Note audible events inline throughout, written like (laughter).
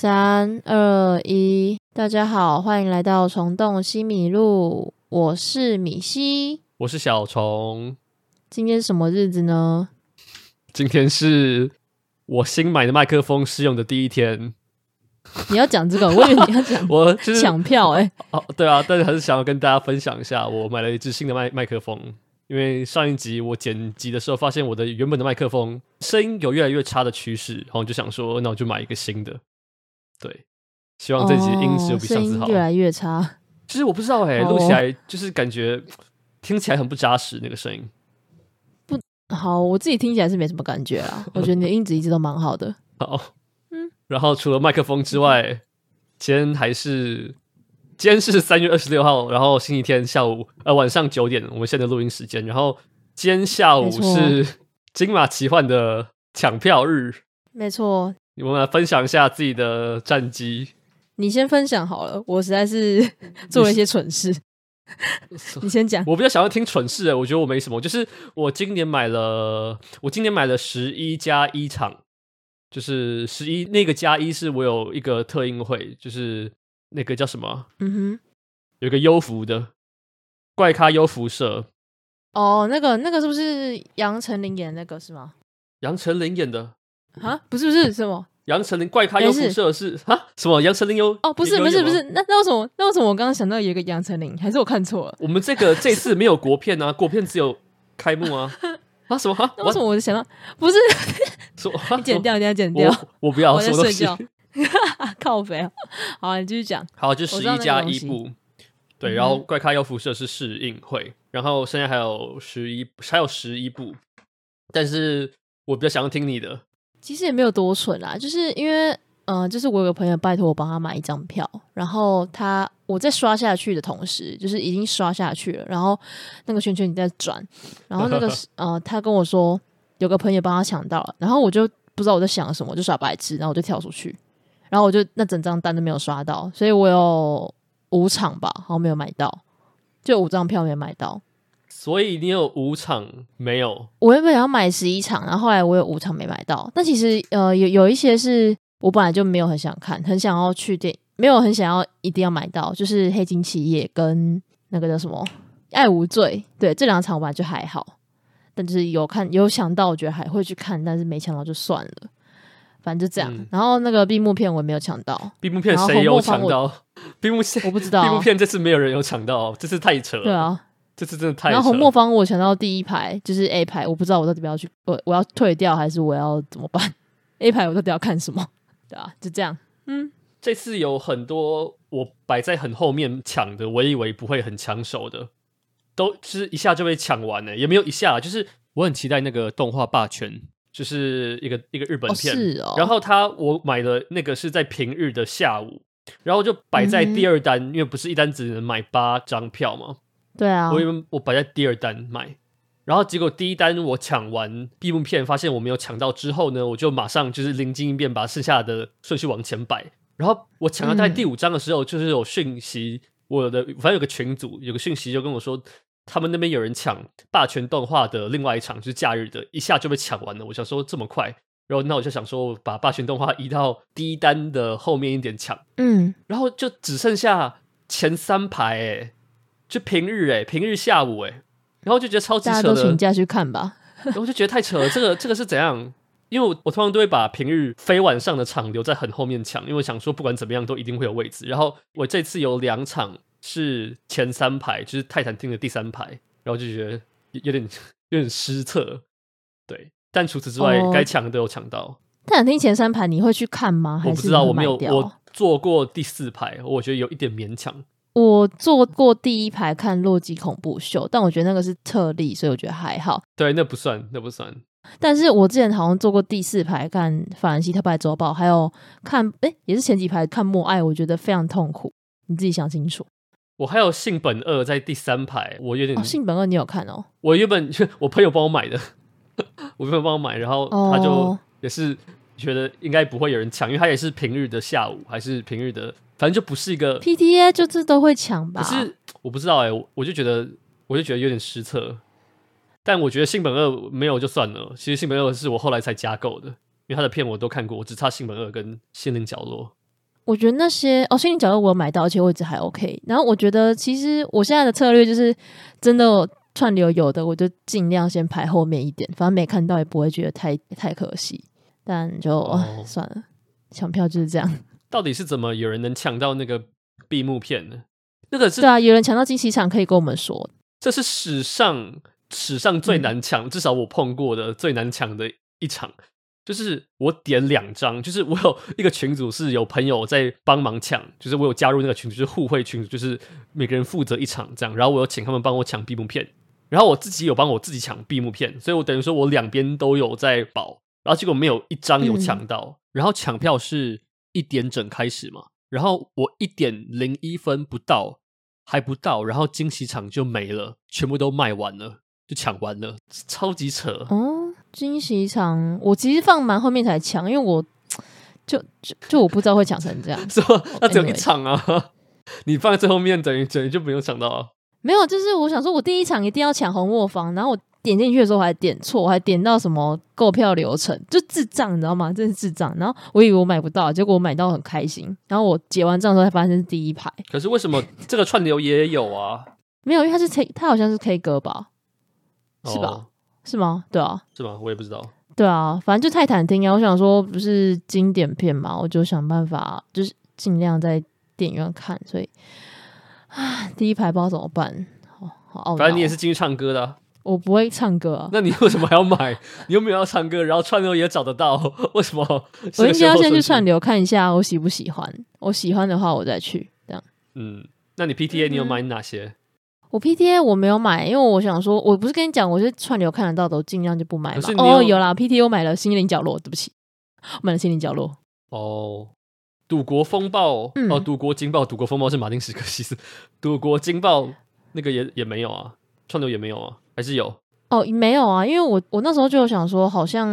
三二一，大家好，歡迎來到蟲洞西米露。我是米西，我是小蟲。今天是什麼日子呢？今天是我新買的麥克風試用的第一天。你要講這個？我為什麼要講？ (laughs) 我搶、就是、 (laughs) 票哎、欸！哦，對啊，但是還是想要跟大家分享一下，我買了一隻新的麥麥克風。因為上一集我剪輯的時候，發現我的原本的麥克風聲音有越來越差的趨勢，然後就想說，那我就買一個新的。對，希望這集音質比上次好。Oh, 越來越差，其實我不知道哎、欸，錄、oh. 起來就是感覺聽起來很不扎實，那個聲音不好。我自己聽起來是沒什麼感覺啊，oh. 我覺得你的音質一直都蠻好的。好，嗯。然後除了麥克風之外，嗯、今天還是今天是三月二十六號，然後星期天下午呃晚上九點，我們現在的錄音時間。然後今天下午是金馬奇幻的搶票日，沒錯。沒我們來分享一下自己的戰績。你先分享好了，我實在是做了一些蠢事。你， (laughs) 你先講。我比較想要聽蠢事，我覺得我沒什麼。就是我今年買了，我今年買了十一加一場，就是十一那個加一是我有一個特映會，就是那個叫什麼？嗯哼，有個幽浮的怪咖幽浮社。哦，那個那個是不是楊丞琳演的那個是嗎？楊丞琳演的。啊，不是不是，是什麼楊丞琳怪咖幽浮社是，啊？什麼楊丞琳優哦？不是不是不是，不是嗎？那那為什麼那為什麼我剛剛想到有一個楊丞琳？還是我看錯了？我們這個 (laughs) 這次沒有國片啊，國片只有開幕啊 (laughs) 啊什麼？那，啊、為什麼，啊、什麼，什麼，什麼我就想到不是？你剪掉，你要剪掉，我不要，我要睡覺， (laughs) 靠肥啊！好啊，你繼續講，好，啊，就十一加一部，對，然後怪咖幽浮社是試映會，嗯，然後剩下還有十一，還有十一部，但是我比較想要聽你的。其實也沒有多蠢啦，就是因為，嗯、呃，就是我有個朋友拜托我幫他買一張票，然後他我在刷下去的同時，就是已經刷下去了，然後那個圈圈你在轉，然後那個 (laughs) 呃，他跟我說有個朋友幫他搶到了，然後我就不知道我在想什麼，我就耍白痴，然後我就跳出去，然後我就那整張單都沒有刷到，所以我有五場吧，然後沒有買到，就五張票沒買到。所以你有五場沒有？我原本想要買十一場，然後後來我有五場沒買到。但其實呃，有有一些是我本來就沒有很想看，很想要去電，沒有很想要一定要買到。就是《黑金企業》跟那個叫什麼《愛無罪》，對，這兩場我本來就還好。但就是有看有想到，我覺得還會去看，但是沒搶到就算了。反正就這樣。嗯、然後那個閉幕片我也沒有搶到，閉幕片誰有搶到？閉幕片我，我不知道、啊，閉幕片這次沒有人有搶到，這次太扯了。對啊。這次真的太……然後紅磨坊我搶到第一排，就是 A 排，我不知道我到底要不要去，我我要退掉還是我要怎麼辦 (laughs) ？A 排我到底要看什麼？對啊，就這樣，嗯，這次有很多我擺在很後面搶的，我以為不會很搶手的，都，就是一下就被搶完了、欸，也沒有一下。就是我很期待那個動畫霸權，就是一個一個日本片，哦是哦、然後他我買的那個是在平日的下午，然後就擺在第二單，嗯、因為不是一單只能買八張票嘛。對啊，我以為我擺在第二單買，然後結果第一單我搶完閉幕片，發現我沒有搶到之後呢，我就馬上就是臨機應變，把剩下的順序往前擺。然後我搶到在第五張的時候、嗯，就是有訊息，我的我反正有個群組有個訊息就跟我說，他們那邊有人搶霸權動畫的另外一場，就是假日的，一下就被搶完了。我想說這麼快，然後那我就想說把霸權動畫移到第一單的後面一點搶，嗯，然後就只剩下前三排哎。就平日哎、欸，平日下午哎、欸，然後就覺得超級扯的，大家都請假去看吧。我 (laughs) 就覺得太扯了，這個這個是怎樣？因為我我通常都會把平日非晚上的場留在很後面搶，因為我想說不管怎麼樣都一定會有位置。然後我這次有兩場是前三排，就是泰坦廳的第三排，然後就覺得有，有點有點失策。對，但除此之外，哦、該搶的都有搶到。泰坦廳前三排你會去看嗎？還是我不知道，我沒有我坐過第四排，我覺得有一點勉強。我坐過第一排看《洛基恐怖秀》，但我覺得那個是特例，所以我覺得還好。對，那不算，那不算。但是我之前好像坐過第四排看《法蘭西特派周報》，還有看，哎、欸，也是前幾排看《默愛》，我覺得非常痛苦。你自己想清楚。我還有《性本惡》在第三排，我有點，哦，《性本惡》你有看哦？我原本我朋友幫我買的， (laughs) 我朋友幫我買，然後他就也是覺得應該不會有人搶，因為他也是平日的下午，還是平日的。反正就不是一個 P T A，就這都會搶吧。可是，我不知道哎、欸，我就覺得，我就覺得有點失策。但我覺得《性本惡》沒有就算了。其實《性本惡》是我後來才加購的，因為他的片我都看過，我只差《性本惡》跟《心靈角落》。我覺得那些哦，《心靈角落》我有買到，而且位置還 OK。然後我覺得，其實我現在的策略就是，真的串流有的我就儘量先排後面一點，反正沒看到也不會覺得太太可惜。但就、哦哦、算了，搶票就是這樣。到底是怎麼有人能搶到那個閉幕片呢？那個是，對啊，有人搶到驚喜場，可以跟我們說。這是史上史上最難搶，至少我碰過的最難搶的一場。就是我點兩張，就是我有一個群組是有朋友在幫忙搶，就是我有加入那個群組，就是互惠群組，就是每個人負責一場這樣。然後我有請他們幫我搶閉幕片，然後我自己有幫我自己搶閉幕片，所以我等於說我兩邊都有在保，然後結果沒有一張有搶到。然後搶票是。一點整開始嘛，然後我一點零一分不到，還不到，然後驚喜場就沒了，全部都賣完了，就搶完了，超級扯哦！驚喜場、嗯、驚喜場我其實放蠻後面才搶，因為我就就就我不知道會搶成這樣，說 (laughs) 那只有一場啊 okay, (laughs) 你放在最後面等於等於就不用搶到啊。沒有，就是我想說我第一場一定要搶紅磨坊，然後我。點進去的時候我還點錯，我還點到什麼購票流程，就智障你知道嗎？真是智障！然後我以為我買不到，結果我買到很開心。然後我結完賬的時候才發現是第一排。可是為什麼這個串流也有啊？ (laughs) 沒有，因為它是 K，它好像是 K 歌吧、哦？是吧？是嗎？對啊，是嗎？我也不知道。對啊，反正就泰坦廳啊。我想說不是經典片嘛，我就想辦法就是儘量在電影院看。所以啊，第一排不知道怎麼辦？好，好懊惱。反正你也是進去唱歌的、啊。我不會唱歌，啊，那你為什麼還要買？ (laughs) 你又沒有要唱歌，然後串流也找得到，為什麼是？我一定要先去串流看一下，我喜不喜歡？我喜歡的話，我再去。這樣。嗯，那你 P T A 你有買哪些？嗯、我 P T A 我沒有買，因為我想說，我不是跟你講，我是串流看得到的我盡量就不買嘛。哦，有啦 P T A 我買了心靈角落，對不起，我買了心靈角落。哦，賭國風暴哦，賭、嗯、國驚爆，賭國風暴是馬丁·史克西斯，賭國驚爆那個也也沒有啊，串流也沒有啊。還是有哦，oh, 沒有啊，因為我我那時候就有想說，好像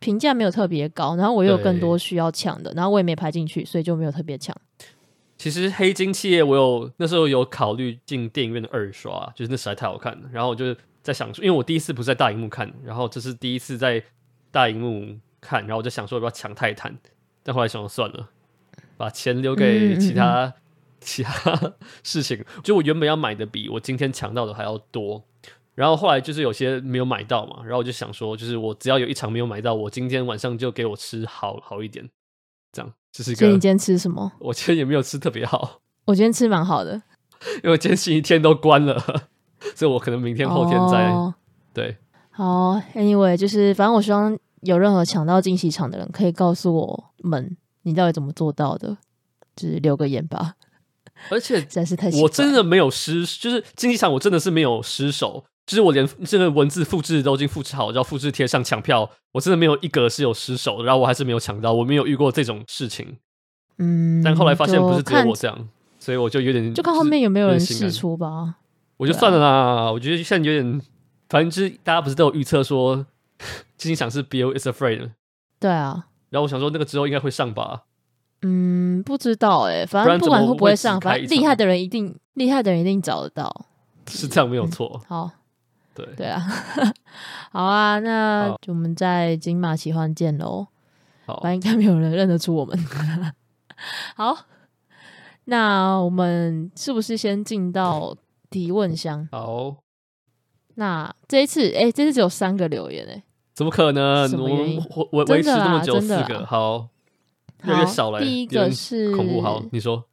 評價沒有特別高，然後我又有更多需要搶的，然後我也沒排進去，所以就沒有特別搶。其實《黑金企業》我有那時候有考慮進電影院的二刷，就是那實在太好看了。然後我就在想，因為我第一次不是在大熒幕看，然後這是第一次在大熒幕看，然後我就想說要不要搶《泰坦》，但後來想算了，把錢留給其他、嗯、其他、其他事情。就我原本要買的比我今天搶到的還要多。然後後來就是有些沒有買到嘛，然後我就想說，就是我只要有一場沒有買到，我今天晚上就給我吃好好一點，這樣。這、就是個所以你今天吃什麼？我今天也沒有吃特別好。我今天吃蠻好的，因為我今天星期天都關了，所以我可能明天後天再。、oh. 對。好、oh.，anyway，就是反正我希望有任何搶到驚喜場的人，可以告訴我們你到底怎麼做到的，就是留個言吧。而且真是太，我真的沒有失，就是驚喜場我真的是沒有失手。其、就、實、是、我連這個文字複製都已經複製好，然後複製貼上搶票，我真的沒有一格是有失手，然後我還是沒有搶到，我沒有遇過這種事情。嗯，但後來發現不是只有我這樣，所以我就有點就看後面有沒有人試出吧。我就算了啦，啊，我覺得現在有點，反正就是大家不是都有預測說，心想是 Beau is Afraid。對啊，然後我想說那個之後應該會上吧。嗯，不知道誒、欸，反正不管會不會上，反正厲害的人一定厲害的人一定找得到，是這樣沒有錯。嗯，好。對,對啊， (laughs) 好啊，那就我們在金馬奇幻見嘍，反正應該沒有人認得出我們。 (laughs) 好，那我們是不是先進到提問箱？好，那這一次，哎、欸，這次只有三個留言哎、欸，怎麼可能？我們維維持這麼久真的，四個，好，越來越少了、欸。第一個是恐怖，好，你說。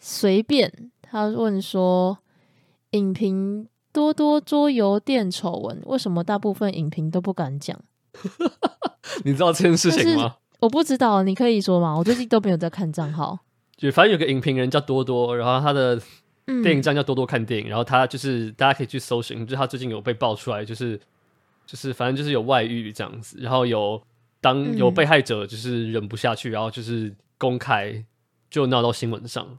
隨便，他問說影評。多多桌遊店醜聞，為什麼大部分影評都不敢講？ (laughs) 你知道這件事情嗎？我不知道，你可以說嗎？我最近都沒有在看賬號。就反正有個影評人叫多多，然後他的電影站叫多多看電影，嗯、然後他就是大家可以去搜尋，就是他最近有被爆出來，就是就是反正就是有外遇這樣子，然後有當有被害者，就是忍不下去、嗯，然後就是公開就鬧到新聞上，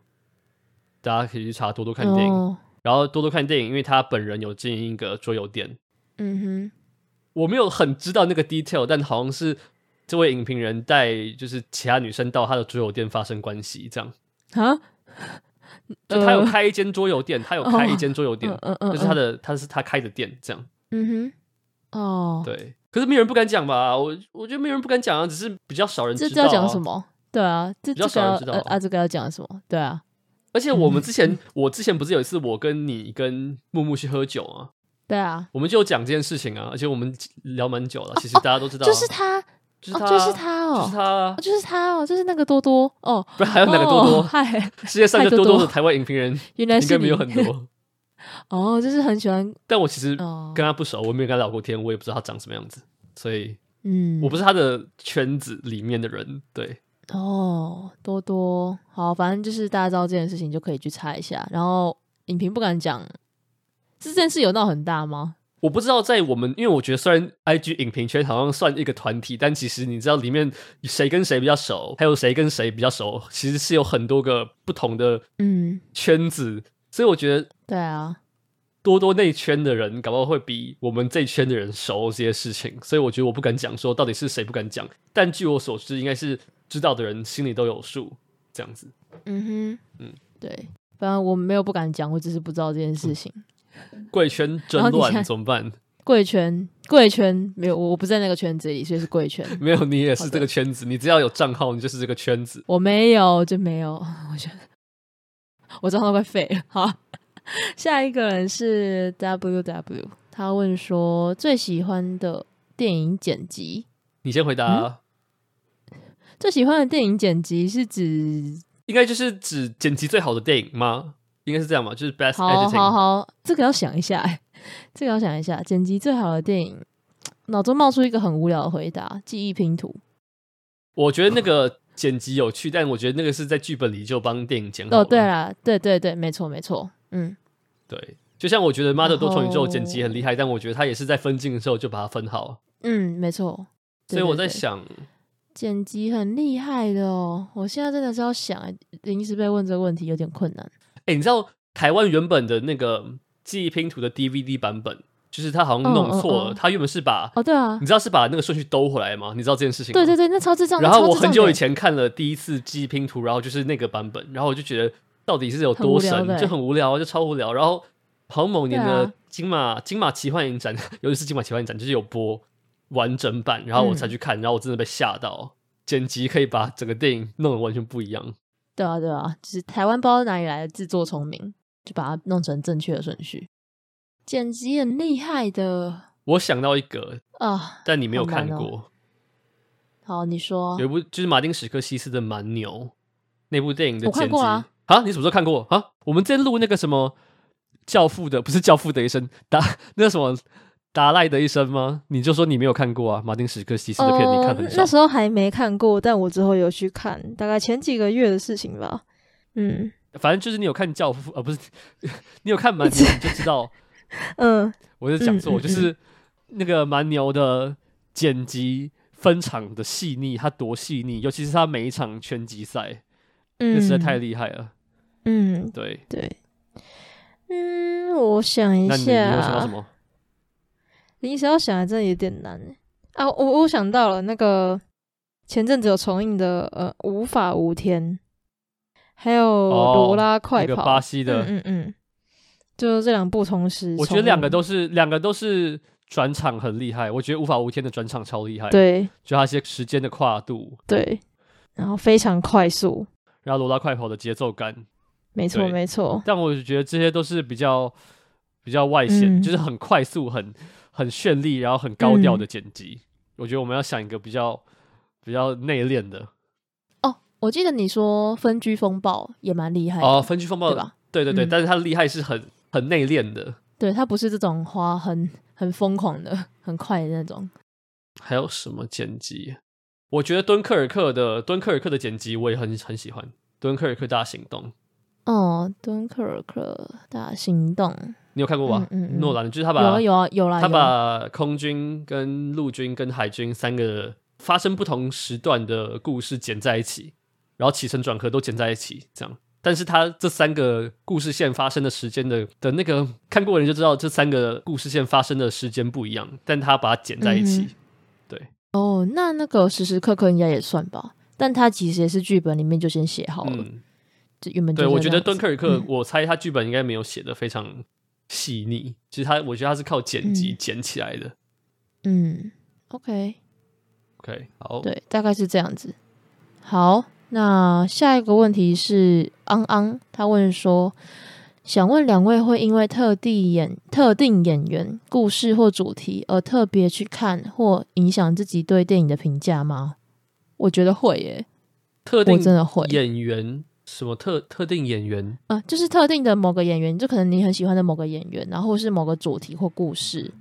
大家可以去查多多看電影。哦然後多多看電影，因為他本人有經營一個桌遊店。嗯哼，我沒有很知道那個 detail，但好像是這位影評人帶就是其他女生到他的桌遊店發生關係這樣。啊？就他有開一間桌遊店，他有開一間桌遊店、哦，就是他的他是他開的店這樣。嗯哼，哦，對，可是沒有人不敢講吧？我我覺得沒有人不敢講啊，只是比較少人知道、啊。這，這要講什麼？對啊，這這個、呃、啊這個要講什麼？對啊。而且我們之前、嗯，我之前不是有一次我跟你跟木木去喝酒嗎、啊？對啊，我們就講這件事情啊。而且我們聊蠻久了、哦，其實大家都知道、啊哦，就是他、就是他哦，就是他哦，就是他、啊哦，就是他哦，就是那個多多哦。不是，還有那個多多？嗨、哦，世界上的多多的台灣影評人應該沒有很多。 (laughs) 哦，就是很喜歡，但我其實跟他不熟，哦、我沒有跟他聊過天，我也不知道他長什麼樣子，所以嗯，我不是他的圈子裡面的人，對。哦，多多。好，反正就是大家知道這件事情，就可以去猜一下。然後影評不敢講，這件事有鬧很大嗎？我不知道，在我們因為我覺得，雖然 IG 影評圈好像算一個團體，但其實你知道裡面誰跟誰比較熟，還有誰跟誰比較熟，其實是有很多個不同的嗯圈子嗯。所以我覺得，對啊，多多那一圈的人，搞不好會比我們這一圈的人熟這些事情。所以我覺得我不敢講說到底是誰不敢講，但據我所知，應該是。知道的人心裡都有數，這樣子。嗯哼，嗯，對，反正我沒有不敢講，我只是不知道這件事情。嗯，貴圈真亂，怎麼辦？貴圈，貴圈，沒有我，我不在那個圈子裡，所以是貴圈。沒有你也是這個圈子，你只要有賬號，你就是這個圈子。我沒有就沒有，我覺得我賬號快廢了。好， (laughs) 下一個人是 W W，他問說最喜歡的電影剪輯，你先回答啊。嗯最喜歡的電影剪輯是指，應該就是指剪輯最好的電影嗎？應該是這樣吧，就是 best editing。好，好，好，這個要想一下， (laughs) 這個要想一下，剪輯最好的電影，腦中冒出一個很無聊的回答：記憶拼圖。我覺得那個剪輯有趣， (laughs) 但我覺得那個是在劇本裡就幫電影剪好。哦，對啦，對對對，沒錯，沒錯，嗯，對，就像我覺得媽的多重宇宙剪輯很厲害，但我覺得他也是在分鏡的時候就把它分好。嗯，沒錯。所以我在想。剪輯很厲害的哦，我現在真的是要想、欸，臨時被問這個問題有點困難。哎、欸，你知道台灣原本的那個記憶拼圖的 DVD 版本，就是他好像弄錯了，他、哦哦哦、原本是把哦對啊，你知道是把那個順序兜回來嗎？你知道這件事情？對對對，那超智障。然後我很久以前看了第一次記憶拼圖，然後就是那個版本，然後我就覺得到底是有多神，很就很無聊，就超無聊。然後好像某年的金馬、啊、金馬奇幻影展，尤其是金馬奇幻影展就是有播完整版，然後我才去看、嗯，然後我真的被嚇到。剪輯可以把整個電影弄得完全不一樣。對啊，對啊，就是台灣不知道哪裡來的自作聰明，就把它弄成正確的順序。剪輯很厲害的。我想到一個啊，uh, 但你沒有、哦、看過。好，你說。有一部就是馬丁·史克西斯的《蠻牛》那部電影的剪輯啊，你什麼時候看過啊？我們在錄那個什麼《教父》的，不是《教父》的一生，答那個、什麼。達賴的一生嗎？你就說你沒有看過啊？馬丁·史克西斯的片，你看的，呃，那時候還沒看過，但我之後有去看，大概前幾個月的事情吧。嗯，反正就是你有看教父，呃，不是你有看蠻牛，你就知道。嗯、 (laughs) 呃，我就講說，就是那個蠻牛的剪輯分場的細膩，它多細膩，尤其是他每一場拳擊賽，那，嗯，實在太厲害了。嗯，對對，嗯，我想一下，啊。臨時要想還真的有點難、欸、啊！我我想到了那個前陣子有重映的呃《無法無天》，還有《羅拉快跑》哦。那個巴西的，嗯嗯，嗯，就這兩部同時。我覺得兩個都是兩個都是轉場很厲害。我覺得《無法無天》的轉場超厲害，對，就那些時間的跨度，對、嗯，然後非常快速。然後《羅拉快跑》的節奏感，沒錯沒錯。但我覺得這些都是比較比較外顯、嗯，就是很快速很。很絢麗，然後很高調的剪輯、嗯，我覺得我們要想一個比較比較內斂的。哦，我記得你說分居風暴也蠻厲害哦，分居風暴對吧？對對對，嗯、但是它的厲害是很很內斂的，對，它不是這種花很很瘋狂的很快的那種。還有什麼剪輯？我覺得敦刻爾克的敦刻爾克的剪輯我也很很喜歡，敦刻爾克大行動。哦，敦刻爾克大行動。你有看過吧，啊？諾、嗯、蘭、嗯嗯、就是他把有啊有啊有啊，他把空軍，跟陸軍，跟海軍三個發生不同時段的故事剪在一起，然後起承轉合都剪在一起，這樣。但是他這三個故事線發生的時間的的那個看過人就知道，這三個故事線發生的時間不一樣，但他把它剪在一起。嗯嗯對哦，oh, 那那個時時刻刻應該也算吧？但他其實也是劇本裡面就先寫好了，嗯、就原本就這本對，我覺得敦刻爾克，克，嗯，我猜他劇本應該沒有寫的非常。細膩，其實他，我覺得他是靠剪輯、嗯、剪起來的。嗯，OK，OK，、okay okay, 好，對，大概是這樣子。好，那下一個問題是，安、嗯、安、嗯，他問說，想問兩位會因為特地演特定演員、故事或主題而特別去看，或影響自己對電影的評價嗎？我覺得會耶、欸，特定我真的會演員。什麼特特定演員？啊，就是特定的某個演員，就可能你很喜歡的某個演員，然後是某個主題或故事，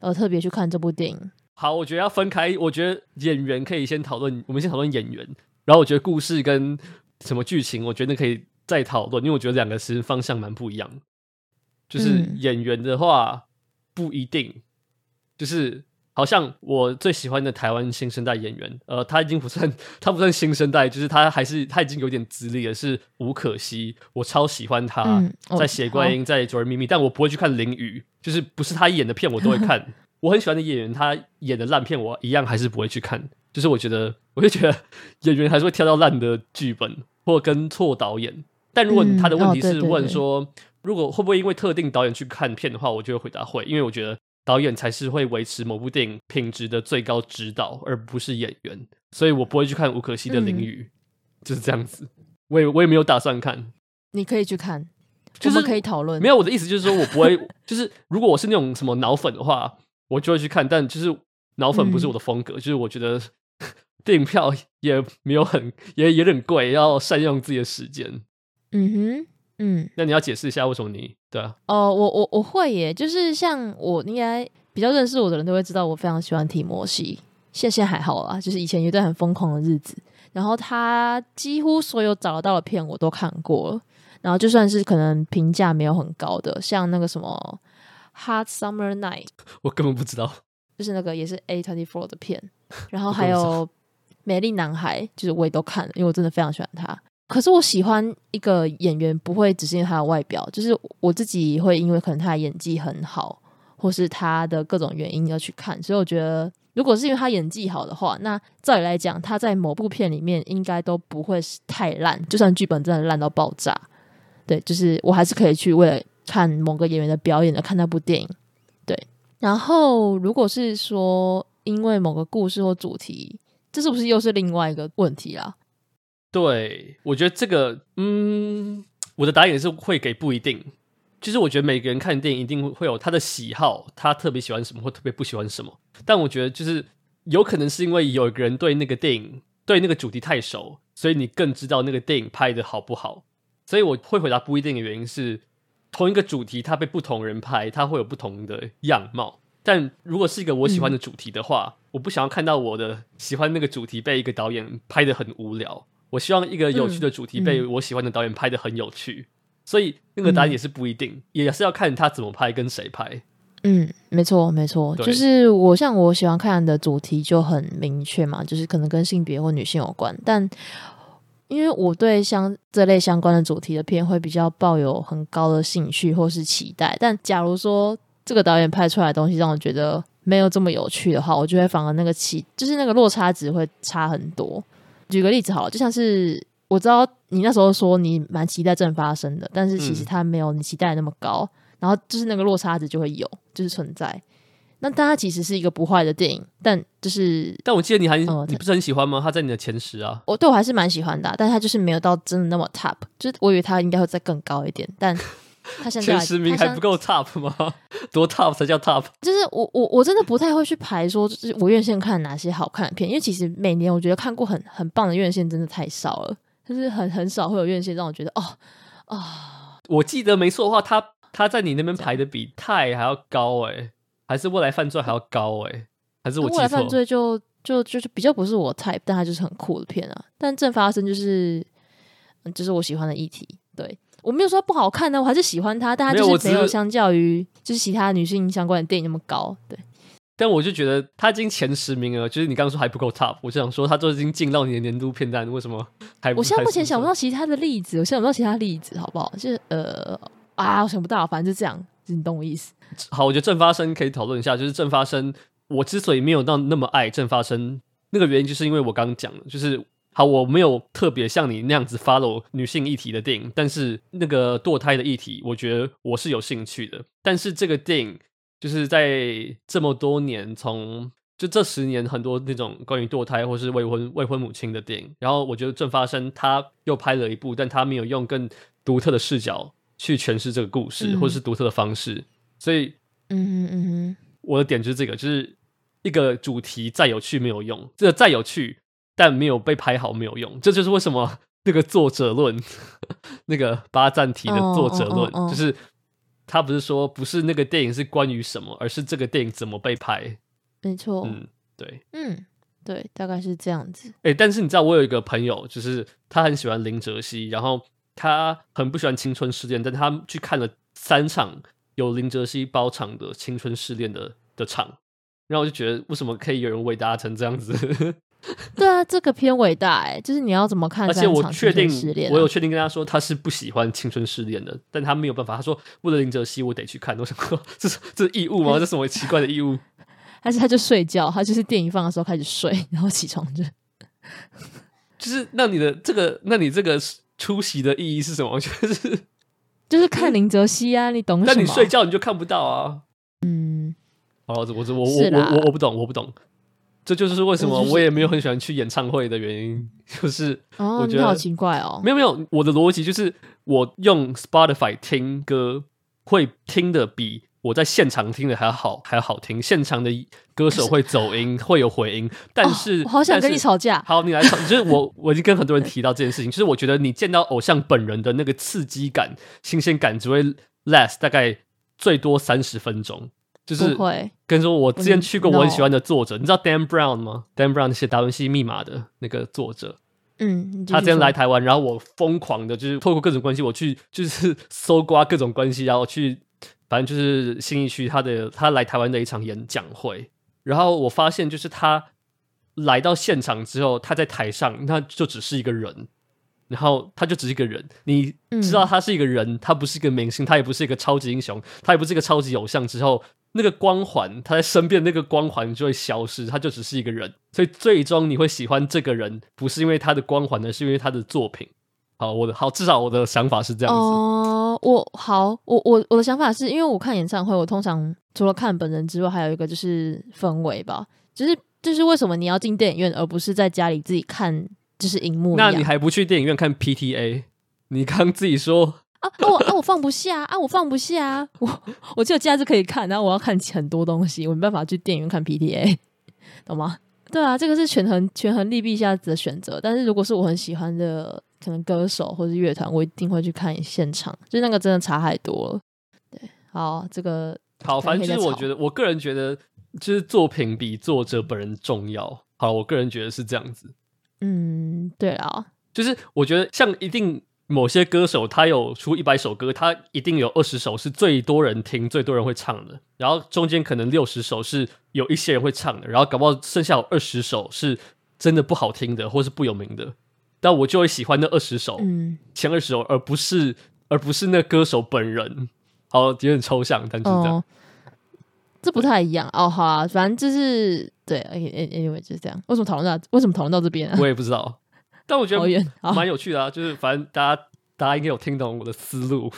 而特別去看這部電影。好，我覺得要分開。我覺得演員可以先討論，我們先討論演員，然後我覺得故事跟什麼劇情，我覺得可以再討論，因為我覺得兩個其實方向蠻不一樣。就是演員的話，嗯、不一定，就是。好像我最喜歡的台灣新生代演員，呃，他已經不算，他不算新生代，就是他還是他已經有點資歷了。是吳可熙，我超喜歡他，嗯、在《血觀音》嗯、在《灼人秘密》哦，但我不會去看林雨，就是不是他演的片我都會看呵呵。我很喜歡的演員，他演的爛片我一樣還是不會去看。就是我覺得，我就覺得演員還是會挑到爛的劇本或者跟錯導演。但如果你他的問題是問說、嗯哦對對對，如果會不會因為特定導演去看片的話，我就會回答會，因為我覺得。導演才是會維持某部電影品質的最高指導，而不是演員。所以我不會去看吳可熙的《淋雨》。嗯，就是這樣子。我也我也沒有打算看。你可以去看，就是可以討論。沒有，我的意思就是說，我不會。 (laughs) 就是如果我是那種什麼腦粉的話，我就會去看。但就是腦粉不是我的風格，嗯、就是我覺得電影票也沒有很也有點貴，要善用自己的時間。嗯哼。嗯，那你要解釋一下為什麼你對啊？哦、呃，我我我會耶，就是像我應該比較認識我的人都會知道，我非常喜歡提摩西。現現還好啦，就是以前有一段很瘋狂的日子，然後他幾乎所有找得到的片我都看過了，然後就算是可能評價沒有很高的，像那個什麼《Hot Summer Night》，我根本不知道，就是那個也是 A twenty four 的片，然後還有《美麗男孩》，就是我也都看了，因為我真的非常喜歡他。可是我喜歡一個演員，不會只是因為他的外表，就是我自己會因為可能他的演技很好，或是他的各種原因要去看。所以我覺得，如果是因為他演技好的話，那照理來講，他在某部片裡面應該都不會是太爛，就算劇本真的爛到爆炸，對，就是我還是可以去為了看某個演員的表演而看那部電影。對，然後如果是說因為某個故事或主題，這是不是又是另外一個問題啦、啊？對，我覺得這個，嗯，我的答案是會給不一定。其、就、實、是、我覺得每個人看電影一定會有他的喜好，他特別喜歡什麼或特別不喜歡什麼。但我覺得就是有可能是因為有一個人對那個電影對那個主題太熟，所以你更知道那個電影拍的好不好。所以我會回答不一定的原因是同一個主題它被不同人拍，它會有不同的樣貌。但如果是一個我喜歡的主題的話，嗯、我不想要看到我的喜歡那個主題被一個導演拍的很無聊。我希望一個有趣的主題被我喜歡的導演拍得很有趣、嗯嗯，所以那個答案也是不一定，嗯、也是要看他怎麼拍跟誰拍。嗯，沒錯，沒錯，就是我像我喜歡看的主題就很明確嘛，就是可能跟性別或女性有關。但因為我對像這類相關的主題的片會比較抱有很高的興趣或是期待，但假如說這個導演拍出來的東西讓我覺得沒有這麼有趣的話，我就會反而那個期就是那個落差值會差很多。舉個例子好了，就像是我知道你那時候說你蠻期待正發生的，但是其實它沒有你期待的那麼高，嗯，然後就是那個落差值就會有，就是存在。那但它其實是一個不壞的電影，但就是但我記得你還、嗯、你不是很喜歡嗎？它在你的前十啊。我、哦、對我還是蠻喜歡的、啊，但它就是沒有到真的那麼 top，就是我以為它應該會再更高一點，但。 (laughs) 他現在前十名還不夠 top 嗎？多 top 才叫 top。就是我我我真的不太會去排說就是我院線看哪些好看的片，因為其實每年我覺得看過很很棒的院線真的太少了，就是很很少會有院線讓我覺得哦啊、哦。我記得沒錯的話，他他在你那邊排的比 TÁR 還要高哎、欸，還是未來犯罪還要高哎、欸，還是我未來犯罪就就就是比較不是我 type，但他就是很酷的片啊。但正發生就是就是我喜歡的議題，對。我沒有說他不好看呢、啊，我還是喜歡她。但她就是沒有相較於就是其他女性相關的電影那麼高。對，但我就覺得他已經前十名了，就是你剛說還不夠 top，我就想說它都已經進到你的年度片單，為什麼還？我現在目前想不到其他的例子，我現在想不到其他例子，好不好？就是呃啊，我想不到，反正就這樣，你懂我意思。好，我覺得《正發生》可以討論一下，就是《正發生》，我之所以沒有到那麼愛《正發生》，那個原因就是因為我剛講了，就是。好，我沒有特別像你那樣子 follow 女性議題的電影，但是那個墮胎的議題，我覺得我是有興趣的。但是這個電影就是在這麼多年，從就這十年很多那種關於墮胎或是未婚未婚母親的電影，然後我覺得正發生他又拍了一部，但他沒有用更獨特的視角去詮釋這個故事，或是獨特的方式。所以，嗯嗯嗯，我的點就是這個，就是一個主題再有趣沒有用，這個再有趣。但沒有被拍好沒有用，這就是為什麼那個作者論， (laughs) 那個巴贊提的作者論，oh, oh, oh, oh. 就是他不是說，不是那個電影是關於什麼，而是這個電影怎麼被拍。沒錯，嗯，對，嗯，對，大概是這樣子。哎、欸，但是你知道，我有一個朋友，就是他很喜歡林哲熹，然後他很不喜歡青春弒戀，但他去看了三場有林哲熹包場的青春弒戀的的場，然後我就覺得，為什麼可以有人偉大成這樣子？ (laughs) (laughs) 對啊，這個偏偉大。哎、欸，就是你要怎麼看？而且我確定、啊，我有確定跟他說，他是不喜歡青春弒戀的，但他沒有辦法。他說為了林哲熹，我得去看。我想說，這是這是義務嗎？ (laughs) 這是什麼奇怪的義務？但 (laughs) 是他就睡覺，他就是電影放的時候開始睡，然後起床就 (laughs) 就是那你的這個，那你這個出席的意義是什麼？就是就是看林哲熹啊， (laughs) 你懂？但你睡覺你就看不到啊。嗯，好，我我我我我我，我不懂，我不懂。這就是為什麼我也沒有很喜歡去演唱會的原因，就是我覺得好奇怪哦。沒有沒有，我的邏輯就是我用 Spotify 聽歌會聽的比我在現場聽的還好，還好聽。現場的歌手會走音，會有回音，但是我好想跟你吵架。好，你來吵。就是我我已經跟很多人提到這件事情，就是我覺得你見到偶像本人的那個刺激感、新鮮感只會 last 大概最多三十分鐘。就是跟着我之前去過我很喜歡的作者，你知道 Dan Brown 嗎？No.Dan Brown 寫《達文西密碼》的那個作者，嗯，他今天來台灣，然後我瘋狂的，就是透過各種關係，我去就是搜刮各種關係，然後去反正就是信義區他的他來台灣的一場演講會，然後我發現就是他來到現場之後，他在台上，他就只是一個人，然後他就只是一個人，你知道他是一個人，他不是一個明星，他也不是一個超級英雄，他也不是一個超級偶像之後。那個光環，他在身邊，那個光環就會消失，他就只是一個人。所以最終你會喜歡這個人，不是因為他的光環呢，而是因為他的作品。好，我的好，至少我的想法是這樣子。哦、呃，我好，我我我的想法是因為我看演唱會，我通常除了看本人之外，還有一個就是氛圍吧。就是就是為什麼你要進電影院而不是在家裡自己看，就是熒幕一樣？那你還不去電影院看 PTA？你剛自己說。 (laughs) 啊我、哦、啊我放不下，啊我放不下，我我只有這樣子可以看，然後我要看很多東西，我沒辦法去電影院看 PTA，懂嗎？對啊，這個是權衡權衡利弊一下子的選擇。但是如果是我很喜歡的，可能歌手或是樂團，我一定會去看現場。就是、那個真的差太多了。對，好，這個好，反正就是我覺得，我個人覺得，就是作品比作者本人重要。好，我個人覺得是這樣子。嗯，對啊，就是我覺得像一定。某些歌手，他有出一百首歌，他一定有二十首是最多人聽、最多人會唱的。然後中間可能六十首是有一些人會唱的。然後搞不好剩下有二十首是真的不好聽的，或是不有名的。但我就會喜歡那二十首，嗯，前二十首，而不是而不是那歌手本人。好，有點抽象，但是這樣。哦，這不太一樣哦。好啊，反正就是對，哎哎哎，因為就是這樣。為什麼討論到為什麼討論到這邊啊？我也不知道。但我覺得蠻有趣的啊，哦，就是反正大家大家應該有聽懂我的思路。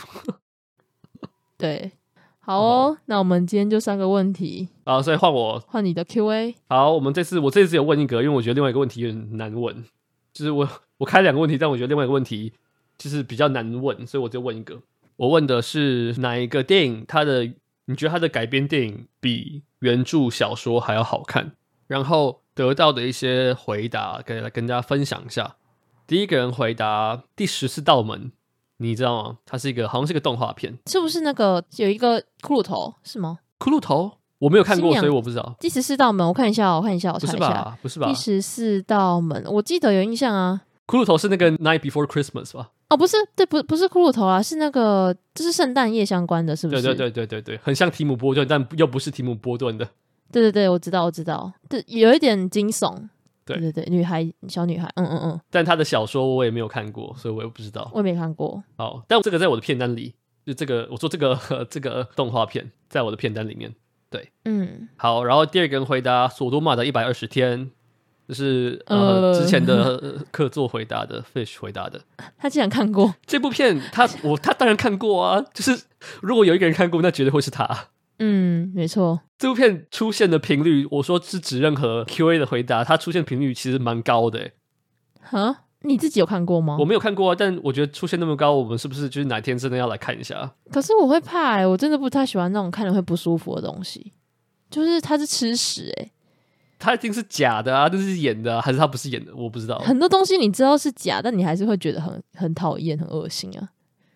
(laughs) 對，好哦，哦，那我們今天就三個問題啊，所以換我換你的 Q&A。好，我們這次我這次有問一個，因為我覺得另外一個問題有點難問，就是我我開了兩個問題，但我覺得另外一個問題就是比較難問，所以我就問一個。我問的是哪一個電影？它的你覺得它的改編電影比原著小說還要好看？然後得到的一些回答，給跟跟大家分享一下。第一個人回答第十四道門，你知道嗎？它是一個好像是一個動畫片，是不是那個有一個骷髏頭是嗎？骷髏頭我沒有看過有，所以我不知道。第十四道門，我看一下，我看一下，我看一下不，不是吧？第十四道門，我記得有印象啊。骷髏頭是那個 Night Before Christmas 吧？哦，不是，對，不不是骷髏頭啊，是那個就是聖誕夜相關的，是不是？對對對對對對，很像提姆波頓，但又不是提姆波頓的。對對對，我知道，我知道，這有一點驚悚。對，對對對，女孩，小女孩，嗯嗯嗯。但她的小說我也沒有看過，所以我也不知道。我也沒看過。好，但這個在我的片單裡，就這個，我說這個這個動畫片在我的片單裡面。對，嗯。好，然後第二個人回答《索多瑪的一百二十天》，就是呃、呃之前的客座、呃、回答的 (laughs) Fish 回答的。他竟然看過這部片？他我他當然看過啊，就是如果有一個人看過，那絕對會是他。嗯，沒錯，這部片出現的頻率，我說是指任何 Q A 的回答，它出現頻率其實蠻高的、欸。啊，你自己有看過嗎？我沒有看過，但我覺得出現那麼高，我們是不是就是哪一天真的要來看一下？可是我會怕、欸，我真的不太喜歡那種看了會不舒服的東西，就是他是吃屎、欸，哎，他一定是假的啊，這是演的、啊，還是他不是演的，我不知道。很多東西你知道是假，但你還是會覺得很很討厭，很惡心啊。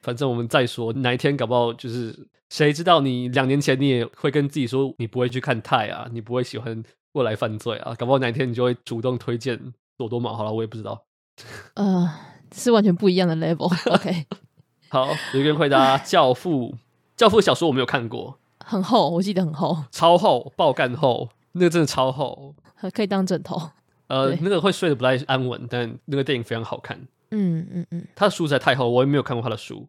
反正我們再說，哪一天搞不好就是。誰知道，你兩年前你也會跟自己說你不會去看泰啊，你不會喜歡未來犯罪啊，搞不好哪一天你就會主動推薦索多瑪好了，我也不知道。呃，是完全不一樣的 level (laughs) okay。OK，好，有一個人回答《教父。》 (laughs) 《教父》小說我沒有看過，很厚，我記得很厚，超厚，爆幹厚，那個真的超厚，可以當枕頭。呃，那個會睡得不太安穩，但那個電影非常好看。嗯嗯嗯，他的書實在太厚，我也沒有看過他的書。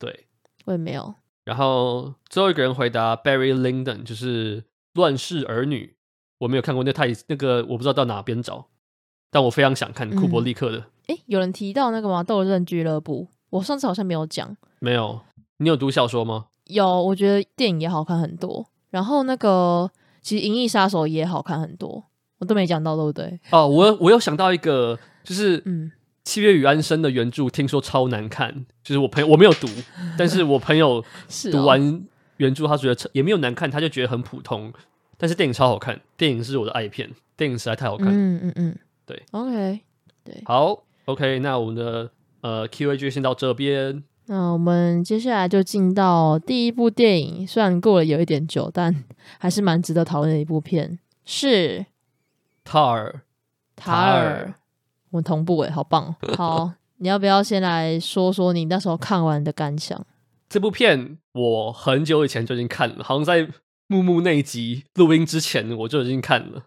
對，我也沒有。然後最後一個人回答 Barry Lyndon 就是《亂世兒女》。我沒有看過那太那個，我不知道到哪邊找，但我非常想看庫柏力克的。哎、嗯，有人提到那個嗎？《鬥陣俱樂部》？我上次好像沒有講。沒有？你有讀小說嗎？有，我覺得電影也好看很多。然後那個，其實《銀翼殺手》也好看很多，我都沒講到，對不對？哦，我我有想到一個，就是嗯。《七月與安生》的原著聽說超難看，就是我朋友我沒有讀， (laughs) 但是我朋友讀完原著，他覺得也沒有難看，他就覺得很普通。但是電影超好看，電影是我的愛片，電影實在太好看。嗯嗯嗯，對，OK，對，好，OK，那我們的呃 Q&A 先到這邊，那我們接下來就進到第一部電影，雖然過了有一點久，但還是蠻值得討論的一部片，是塔爾，塔爾。塔我同步欸，好棒哦！好，你要不要先來說說你那時候看完的感想？ (laughs) 這部片我很久以前就已經看了，好像在木木那一集錄音之前我就已經看了，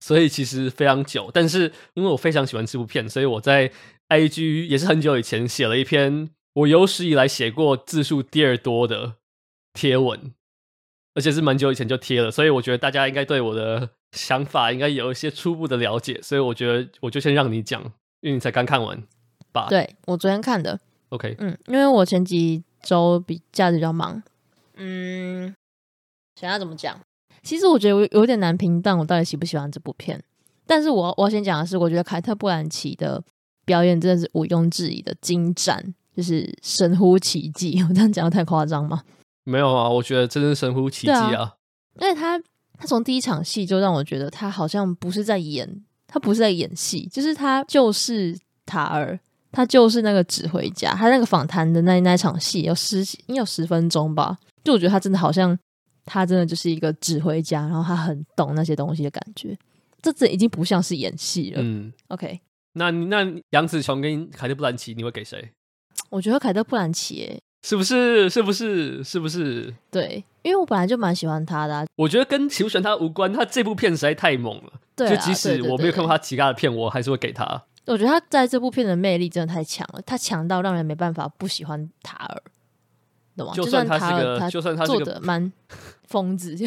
所以其實非常久。但是因為我非常喜歡這部片，所以我在 IG 也是很久以前寫了一篇我有史以來寫過字數第二多的貼文。而且是蠻久以前就貼了，所以我覺得大家應該對我的想法應該有一些初步的了解，所以我覺得我就先讓你講，因為你才剛看完吧？對，我昨天看的。OK，嗯，因為我前幾周比假日比較忙，嗯，想要怎麼講？其實我覺得我有點難評，但我到底喜不喜歡這部片？但是我要我要先講的是，我覺得凱特·布蘭奇的表演真的是毋庸置疑的精湛，就是神乎其技。我這樣講太誇張嗎？沒有啊，我覺得真是神乎其技啊,啊！因為他他從第一場戲就讓我覺得他好像不是在演，他不是在演戲，就是他就是塔爾，他就是那個指揮家。他那個訪談的那那場戲有十，應該有十分鐘吧？就我覺得他真的好像，他真的就是一個指揮家，然後他很懂那些東西的感覺。這已經不像是演戲了。嗯，OK，那那楊紫瓊跟凱特·布蘭奇，你會給誰？我覺得凱特·布蘭奇誒。是不是？是不是？是不是？對，因為我本來就蠻喜歡他的啊。 (music) 我覺得跟求純他無關，他這部片實在太猛了。對啊，就即使對對對對對，我沒有看過他其他的片，我還是會給他。我覺得他在這部片的魅力真的太強了，他強到讓人沒辦法不喜歡塔爾，懂嗎？就算他是個，就算他是個蠻瘋子。 (laughs) (laughs)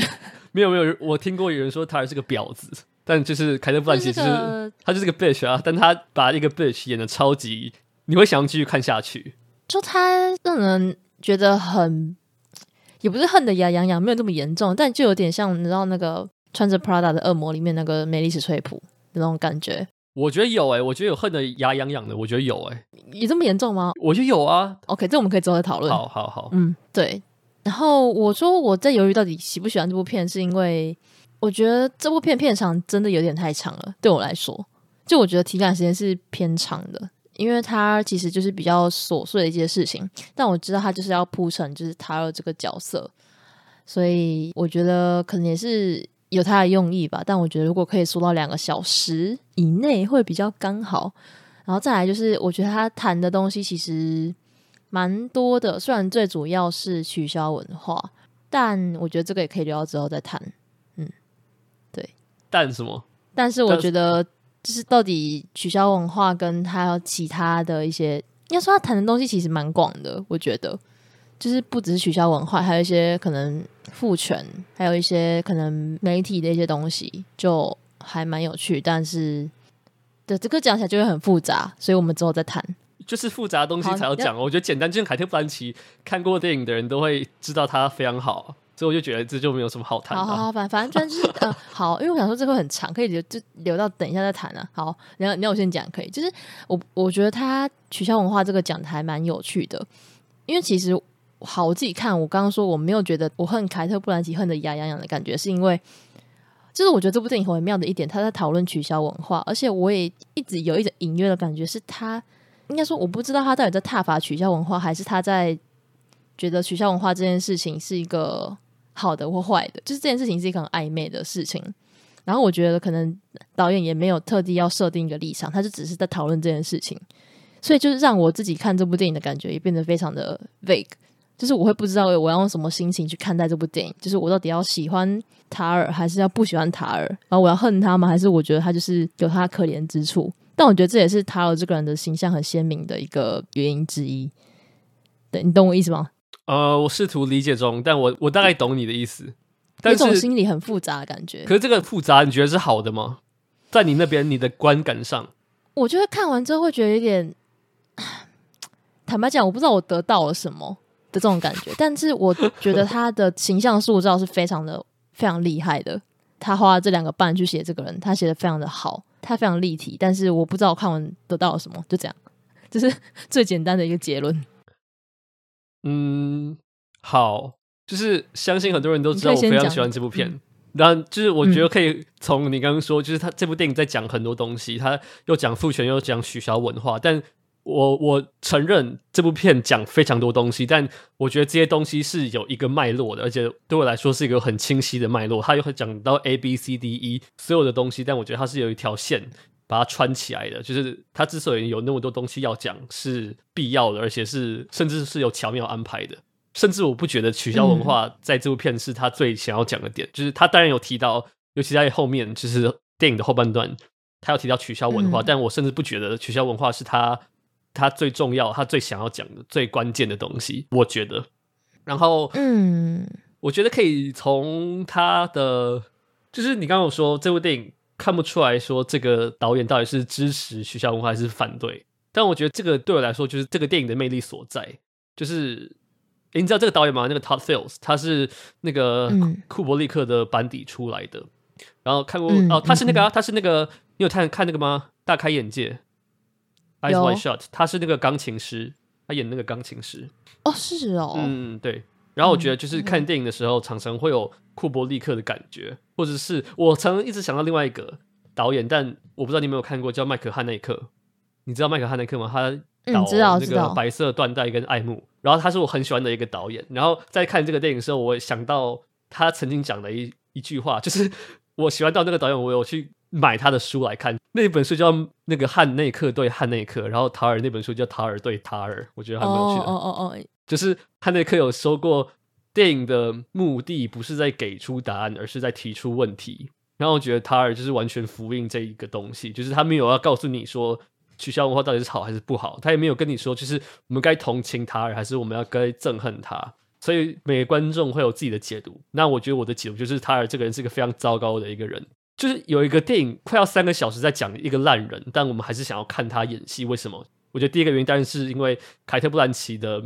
沒有沒有，我聽過有人說塔爾是個婊子，但就是凱特布蘭奇就是，他就是個 bitch 啊，但他把一個 bitch 演的超級，你會想要繼續看下去。就他讓人覺得很，也不是恨得牙癢癢，沒有這麼嚴重，但就有點像你知道那個穿着 Prada 的惡魔裡面那個梅麗史翠普那種感覺。我覺得有誒、欸，我覺得有恨得牙癢癢的，我覺得有誒、欸，有這麼嚴重嗎？我覺得有啊。OK，這我們可以之後再討論。好好好，嗯，對。然後我說我在猶豫到底喜不喜歡這部片，是因為我覺得這部片片長真的有點太長了，對我來說，就我覺得體感時間是偏長的。因為他其實就是比較瑣碎的一些事情，但我知道他就是要鋪陳，就是他的這個角色，所以我覺得可能也是有他的用意吧。但我覺得如果可以縮到兩個小時以內，會比較剛好。然後再來就是，我覺得他談的東西其實蠻多的，雖然最主要是取消文化，但我覺得這個也可以留到之後再談。嗯，對。但什麼？但是我覺得。就是到底取消文化跟還有其他的一些，要說他談的東西其實蠻廣的，我覺得就是不只是取消文化，還有一些可能父權，還有一些可能媒體的一些東西，就還蠻有趣。但是對這個講起來就會很複雜，所以我們之後再談。就是複雜的東西才要講哦，我覺得簡單，就像凱特布蘭奇看過電影的人都會知道他非常好。所以我就覺得這就沒有什麼好談的。好，好，好，好，反反正就是、 (laughs) 呃、好，因為我想說這個很長，可以留就留到等一下再談了、啊。好，你你我先講可以。就是我我覺得他取消文化這個講得還蠻有趣的，因為其實好，我自己看我剛剛說我沒有覺得我恨凱特·布蘭奇恨得牙癢癢的感覺，是因為就是我覺得這部電影很微妙的一點，他在討論取消文化，而且我也一直有一種隱約的感覺，是他應該說我不知道他到底在撻伐取消文化，還是他在覺得取消文化這件事情是一個。好的或壞的，就是這件事情是一個很曖昧的事情。然後我覺得可能導演也沒有特地要設定一個立場，他就只是在討論這件事情。所以就是讓我自己看這部電影的感覺也變得非常的 vague，就是我會不知道我要用什麼心情去看待這部電影，就是我到底要喜歡塔爾還是要不喜歡塔爾，然後我要恨他嗎？還是我覺得他就是有他可憐之處？但我覺得這也是塔爾這個人的形象很鮮明的一個原因之一。對，你懂我意思嗎？呃，我試圖理解中，但我我大概懂你的意思，但是一種心理很複雜的感覺。可是這個複雜，你覺得是好的嗎？在你那邊，你的觀感上， (laughs) 我覺得看完之後會覺得有點坦白講，我不知道我得到了什麼的這種感覺。 (laughs) 但是我覺得他的形象塑造是非常的非常厲害的。他花了這兩個半去寫這個人，他寫的非常的好，他非常立體。但是我不知道我看完得到了什麼，就這樣，這是最簡單的一個結論。嗯，好，就是相信很多人都知道我非常喜歡這部片。嗯、然後就是我覺得可以從你剛剛說，就是他這部電影在講很多東西，他又講父權，又講取消文化。但我我承認這部片講非常多東西，但我覺得這些東西是有一個脈絡的，而且對我來說是一個很清晰的脈絡。他又會講到 A B C D E 所有的東西，但我覺得它是有一條線把它穿起來的，就是他之所以有那麼多東西要講，是必要的，而且是甚至是有巧妙安排的。甚至我不覺得取消文化在這部片是他最想要講的點，嗯、就是他當然有提到，尤其在後面，就是電影的後半段，他有提到取消文化、嗯，但我甚至不覺得取消文化是他他最重要、他最想要講的最關鍵的東西，我覺得。然後嗯，我覺得可以從他的，就是你剛剛有說這部電影。看不出來說，這個導演到底是支持學校文化還是反對，但我覺得這個對我來說就是這個電影的魅力所在。就是誒你知道這個導演嗎？那個 Todd Field 他是那個庫伯利克的班底出來的。嗯、然後看過、嗯、哦，他是那個、啊，他是那個，你有看看那個嗎？大開眼界，Eyes Wide Shut 他是那個鋼琴師，他演那個鋼琴師。哦，是哦，嗯，對。然後我覺得，就是看電影的時候，常常會有庫伯利克的感覺，嗯嗯、或者是我曾一直想到另外一個導演，但我不知道你有沒有看過叫麥克漢內克。你知道麥克漢內克嗎？他導、嗯、知道那個白色緞帶跟愛慕，然後他是我很喜歡的一個導演。然後在看這個電影的時候，我想到他曾經講的一一句話，就是我喜歡到那個導演，我有去買他的書來看。那本書叫《那個漢內克對漢內克》，然後塔爾那本書叫《塔爾對塔爾》，我覺得還蠻有趣的。哦哦哦。就是漢內克有說過，電影的目的不是在給出答案，而是在提出問題。然後我覺得塔爾就是完全服膺這一個東西，就是他沒有要告訴你說取消文化到底是好還是不好，他也沒有跟你說，就是我們該同情塔爾還是我們要該憎恨他。所以每個觀眾會有自己的解讀。那我覺得我的解讀就是塔爾這個人是一個非常糟糕的一個人。就是有一個電影快要三個小時在講一個爛人，但我們還是想要看他演戲。為什麼？我覺得第一個原因當然是因為凱特·布蘭奇的。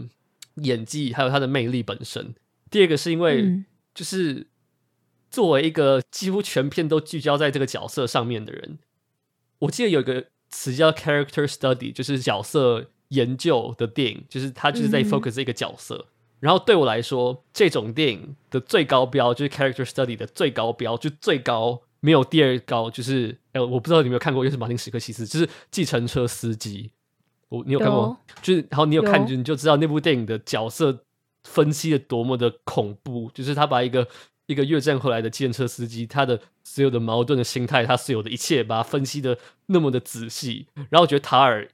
演技還有他的魅力本身。第二個是因為就是作為一個幾乎全片都聚焦在這個角色上面的人，我記得有一個詞叫 character study，就是角色研究的電影，就是他就是在 focus 一個角色，嗯。然後對我來說，這種電影的最高標就是 character study 的最高標就最高沒有第二高，就是呃、欸、我不知道你有沒有看過，就是馬丁史柯西斯，就是計程車司機。我、哦、你有看過、哦？就是，然後你有看，就、哦、你就知道那部電影的角色分析的多麼的恐怖。就是他把一個一個越戰回來的計程車司機，他的所有的矛盾的心態，他所有的一切，把它分析的那麼的仔細。然後我覺得塔爾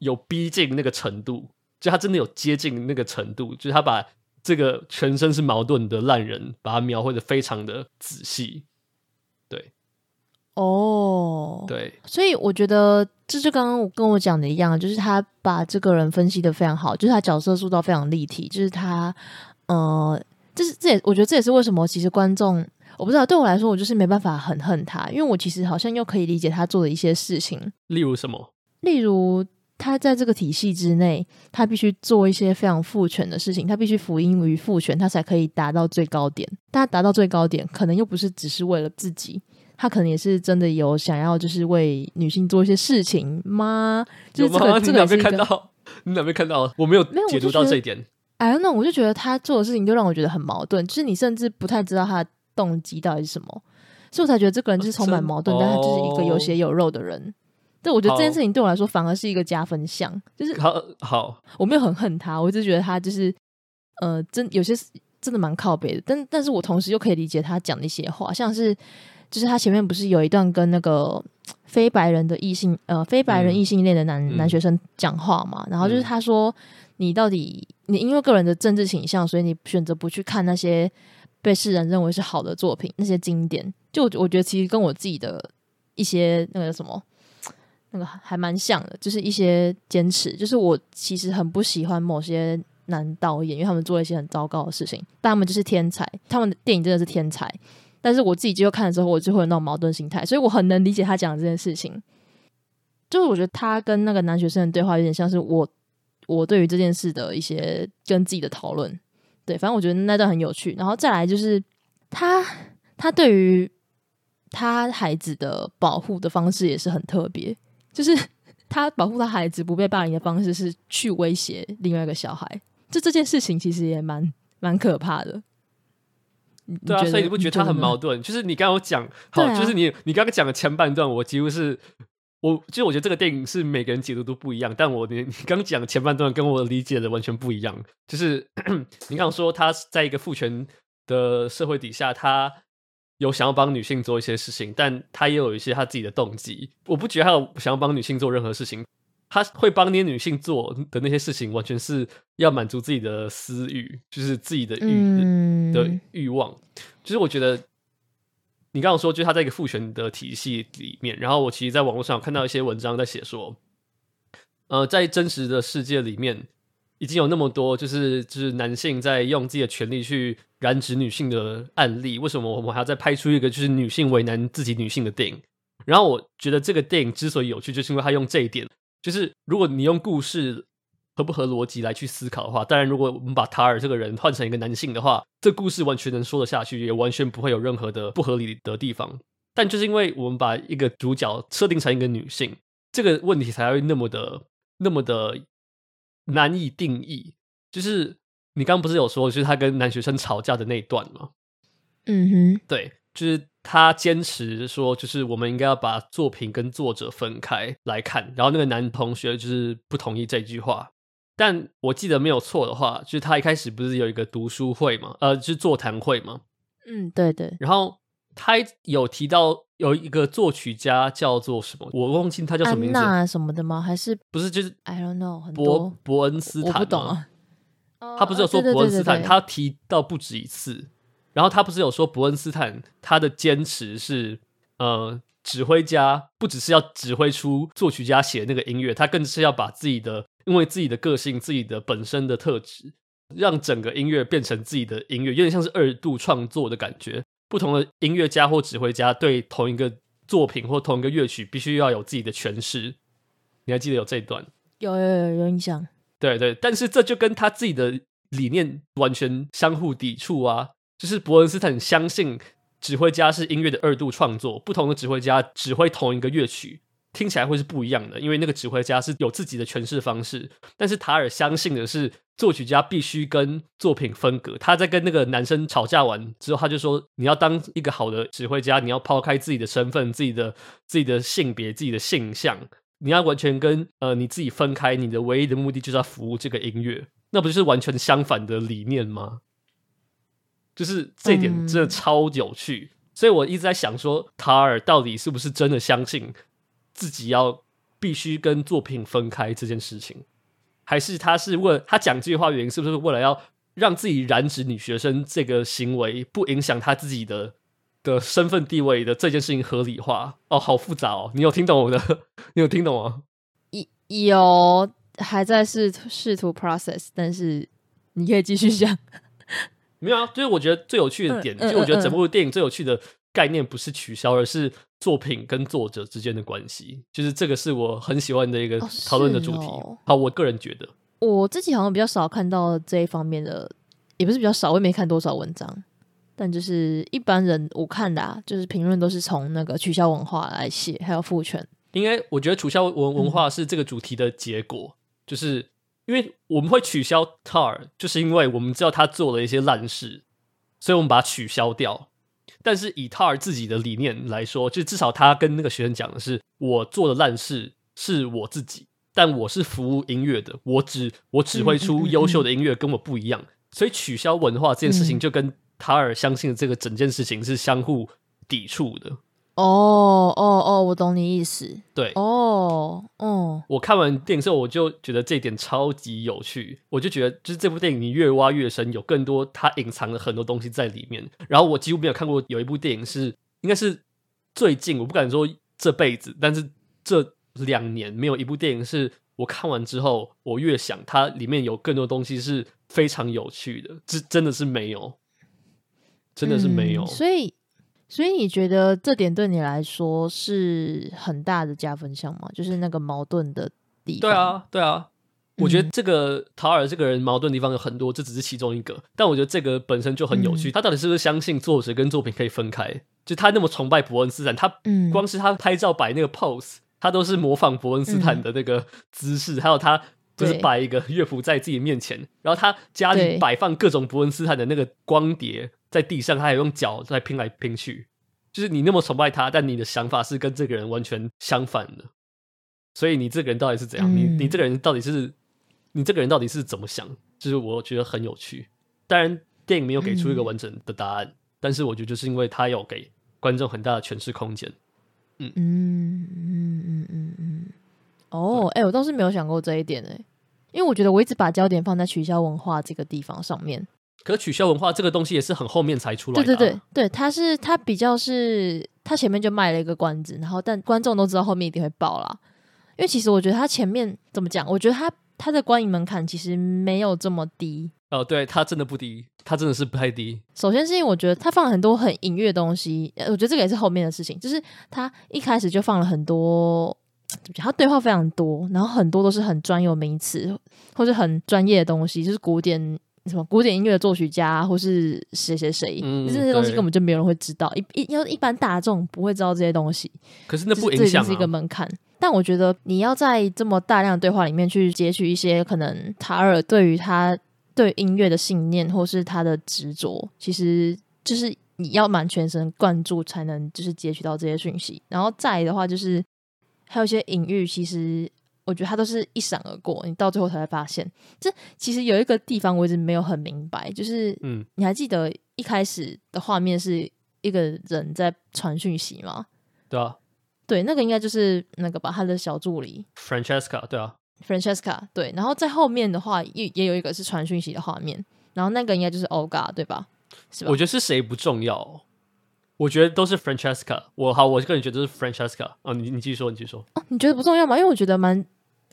有逼近那個程度，就他真的有接近那個程度，就是他把這個全身是矛盾的爛人，把他描繪的非常的仔細。哦、oh，對，所以我覺得這就剛剛我跟我講的一樣，就是他把這個人分析的非常好，就是他角色塑造非常立體，就是他，呃，這是這也我覺得這也是為什麼其實觀眾我不知道對我來說我就是沒辦法很恨他，因為我其實好像又可以理解他做的一些事情，例如什麼？例如他在這個體系之內，他必須做一些非常父權的事情，他必須服膺於父權，他才可以達到最高點。但他達到最高點，可能又不是只是為了自己。他可能也是真的有想要，就是為女性做一些事情嗎？就是、這個，媽媽這兩、個、邊看到？你兩邊看到？我沒有解讀到這一點。哎，那我，我就覺得他做的事情就讓我覺得很矛盾，就是你甚至不太知道他的動機到底是什麼，所以我才覺得這個人就是充滿矛盾、啊，但他就是一個有血有肉的人。對、哦、我覺得這件事情對我來說反而是一個加分項，就是好，好，我沒有很恨他，我一直覺得他就是呃，真有些真的蠻靠北的，但但是我同時又可以理解他講的一些話，像是。就是他前面不是有一段跟那個非白人的異性呃非白人異性戀的男、嗯、男學生講話嘛、嗯？然後就是他說：“你到底你因為個人的政治傾向，所以你選擇不去看那些被世人認為是好的作品，那些經典。”就我覺得其實跟我自己的一些那個什麼，那個還蠻像的，就是一些堅持。就是我其實很不喜歡某些男導演，因為他們做了一些很糟糕的事情，但他們就是天才，他們的電影真的是天才。但是我自己就看了之後，我就會有那種矛盾心態，所以我很能理解他講的這件事情。就是我覺得他跟那個男學生的對話有點像是我，我對於這件事的一些跟自己的討論。對，反正我覺得那段很有趣。然後再來就是他，他對於他孩子的保護的方式也是很特別，就是他保護他孩子不被霸凌的方式是去威脅另外一個小孩。就這件事情其實也蠻蠻可怕的。對啊，所以你不覺得他很矛盾？就是你剛剛講，好，啊、就是你你剛剛講的前半段，我幾乎是，我就是我覺得這個電影是每個人解讀都不一樣，但我你你剛講的前半段跟我理解的完全不一樣，就是 (coughs) 你剛剛說他在一個父權的社會底下，他有想要幫女性做一些事情，但他也有一些他自己的動機。我不覺得他有想要幫女性做任何事情。他會幫那些女性做的那些事情，完全是要滿足自己的私慾，就是自己的慾、嗯、的慾望。就是我覺得，你剛剛說，就是他在一個父權的體系裡面。然後我其實，在網絡上看到一些文章在寫說，呃，在真實的世界裡面，已經有那麼多，就是就是男性在用自己的權力去染指女性的案例。為什麼我們還要再拍出一個就是女性為難自己女性的電影？然後我覺得這個電影之所以有趣，就是因為他用這一點。就是如果你用故事合不合邏輯來去思考的話，當然如果我們把塔爾這個人換成一個男性的話，這故事完全能說得下去，也完全不會有任何的不合理的地方。但就是因為我們把一個主角設定成一個女性，這個問題才會那麼的那麼的難以定義。就是你剛剛不是有說，就是他跟男學生吵架的那一段嗎？嗯哼，對。就是他堅持說，就是我們應該要把作品跟作者分開來看。然後那個男同學就是不同意這句話。但我記得沒有錯的話，就是他一開始不是有一個讀書會嗎？呃，就是座談會嗎？嗯，對對。然後他有提到有一個作曲家叫做什麼，我忘記他叫什麼名字，安娜什麼的嗎？還是不是？就是 I don't know，伯，伯恩斯坦？我，我不懂啊。他不是有說伯恩斯坦？他提到不止一次。然後他不是有說伯恩斯坦他的堅持是，呃，指揮家不只是要指揮出作曲家寫那個音樂，他更是要把自己的因為自己的個性、自己的本身的特質，讓整個音樂變成自己的音樂，有點像是二度創作的感覺。不同的音樂家或指揮家對同一個作品或同一個樂曲，必須要有自己的詮釋。你還記得有這一段？有有有有印象。對對，但是這就跟他自己的理念完全相互抵觸啊。就是伯恩斯坦相信指揮家是音樂的二度創作，不同的指揮家指揮同一個樂曲聽起來會是不一樣的，因為那個指揮家是有自己的詮釋方式。但是塔爾相信的是，作曲家必須跟作品分隔。他在跟那個男生吵架完之後，他就說：“你要當一個好的指揮家，你要拋開自己的身份、自己的、自己的性別、自己的性向，你要完全跟呃你自己分開。你的唯一的目的就是要服務這個音樂，那不就是完全相反的理念嗎？”就是這點真的超有趣，所以我一直在想說，塔爾到底是不是真的相信自己要必須跟作品分開這件事情，還是他是問他講這句話的原因是不是為了要讓自己染指女學生這個行為不影響他自己的的身份地位的這件事情合理化？哦，好複雜哦！你有聽懂我的？你有聽懂嗎、嗯？有還在試試圖 process，但是你可以繼續想。 (laughs) 沒有啊，就是我覺得最有趣的點、嗯嗯嗯嗯，就我覺得整部電影最有趣的概念不是取消，而是作品跟作者之間的關係，就是這個是我很喜歡的一個討論的主題、哦哦。好，我個人覺得，我自己好像比較少看到這一方面的，也不是比較少，我也沒看多少文章，但就是一般人我看的啊，就是評論都是從那個取消文化來寫，還有父權，因為我覺得取消文文化是這個主題的結果，嗯、就是。因為我們會取消塔爾，就是因為我們知道他做了一些爛事，所以我們把它取消掉。但是以塔爾自己的理念來說，就至少他跟那個學生講的是，我做的爛事是我自己，但我是服務音樂的，我指我指揮出優秀的音樂，跟我不一樣。所以取消文化這件事情，就跟塔爾相信的這個整件事情是相互抵觸的。哦哦哦，我懂你意思。對，哦哦，我看完電影之後，我就覺得這一點超級有趣。我就覺得，就是這部電影，你越挖越深，有更多它隱藏的很多東西在裡面。然後我幾乎沒有看過有一部電影是，應該是最近，我不敢說這輩子，但是這兩年沒有一部電影是我看完之後，我越想它裡面有更多東西是非常有趣的。這真的是沒有，真的是沒有。嗯，所以。所以你覺得這點對你來說是很大的加分項嗎？就是那個矛盾的地方。對啊，對啊。嗯、我覺得這個塔爾這個人矛盾的地方有很多，這只是其中一個。但我覺得這個本身就很有趣，嗯、他到底是不是相信作者跟作品可以分開？就他那麼崇拜伯恩斯坦，他嗯，光是他拍照擺那個 pose，他都是模仿伯恩斯坦的那個姿勢，嗯、還有他。就是擺一個樂譜在自己面前，然後他家裡擺放各種伯恩斯坦的那個光碟，在地上，他還用腳在拼來拼去。就是你那麼崇拜他，但你的想法是跟這個人完全相反的。所以你這個人到底是怎樣？嗯、你你這個人到底是你這個人到底是怎麼想？就是我覺得很有趣。當然，電影沒有給出一個完整的答案，嗯、但是我覺得就是因為他有給觀眾很大的詮釋空間。嗯嗯嗯嗯嗯嗯。嗯嗯嗯嗯哦、oh,，哎、欸，我倒是沒有想過這一點，哎、欸，因為我覺得我一直把焦點放在取消文化這個地方上面。可取消文化這個東西也是很後面才出來的，對對對對，它，是它比較是它，前面就賣了一個關子，然後但觀眾都知道後面一定會爆了，因為其實我覺得它前面怎麼講，我覺得它它的觀影門檻其實沒有這麼低。哦，對，它真的不低，它真的是不太低。首先是因為我覺得它放了很多很隱喻的東西、呃，我覺得這個也是後面的事情，就是它一開始就放了很多。他對話非常多，然後很多都是很專有名詞，或是很專業的東西，就是古典什麼古典音樂的作曲家，或是誰誰誰，這些東西根本就沒有人會知道，一一要一般大眾不會知道這些東西。可是那不影響、啊就是一個門檻，但我覺得你要在這麼大量的對話裡面去截取一些可能塔爾對於他對音樂的信念，或是他的執着，其實就是你要滿全神貫注才能就是截取到這些訊息。然後再的話就是。還有一些隱喻，其實我覺得它都是一閃而過，你到最後才會發現。這其實有一個地方我一直沒有很明白，就是，嗯，你還記得一開始的畫面是一個人在傳訊息嗎？對啊，對，那個應該就是那個吧，他的小助理 Francesca，對啊，Francesca，對。然後在後面的話，也也有一個是傳訊息的畫面，然後那個應該就是 Olga，對吧？是吧？我覺得是誰不重要。我覺得都是 Francesca，我好，我個人覺得都是 Francesca 啊、哦。你你繼續說，你繼續說、啊。你覺得不重要嗎？因為我覺得蠻，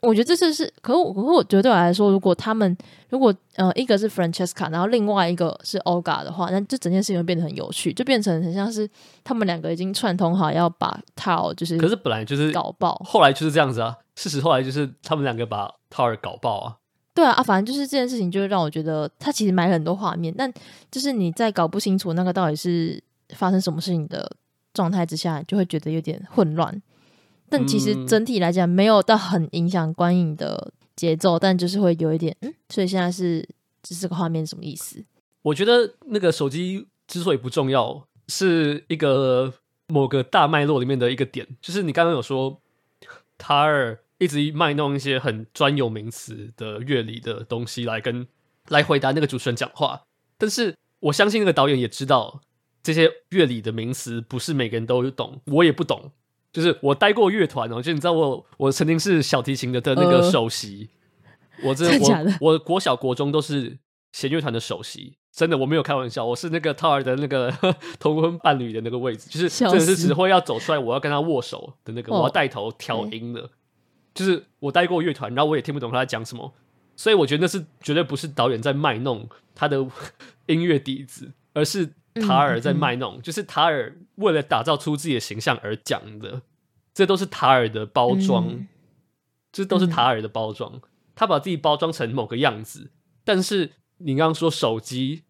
我覺得這次是，可是我可是我覺得對我來說，如果他們如果呃一個是 Francesca，然後另外一個是 Olga 的話，那這整件事情會變得很有趣，就變成很像是他們兩個已經串通好要把 TÁR 就是，可是本來就是搞爆，後來就是這樣子啊。事實後來就是他們兩個把 TÁR 搞爆啊。對啊啊，反正就是這件事情，就是讓我覺得他其實買了很多畫面，但就是你在搞不清楚那個到底是。發生什麼事情的狀態之下，就會覺得有點混亂。但其實整體來講，沒有到很影響觀影的節奏，嗯，但就是會有一點。嗯，所以現在是這是個畫面什麼意思？我覺得那個手機之所以不重要，是一個某個大脈絡裡面的一個點，就是你剛剛有說塔爾一直賣弄一些很專有名詞的樂理的東西來跟來回答那個主持人講話，但是我相信那個導演也知道。這些樂理的名詞不是每個人都懂，我也不懂。就是我待過樂團，哦，就你知道我，我曾經是小提琴的的那個首席。呃、我真，真我，我國小國中都是弦樂團的首席，真的我沒有開玩笑。我是那個塔爾的那個同婚伴侶的那個位置，就是真的是指揮要走出來，我要跟他握手的那個，我要帶頭調音的，哦欸。就是我待過樂團，然後我也聽不懂他在講什麼，所以我覺得那是絕對不是導演在賣弄他的音樂底子，而是。塔爾在賣弄、嗯嗯，就是塔爾為了打造出自己的形象而講的，這都是塔爾的包裝、嗯，這都是塔爾的包裝、嗯。他把自己包裝成某個樣子，但是你剛剛說手機，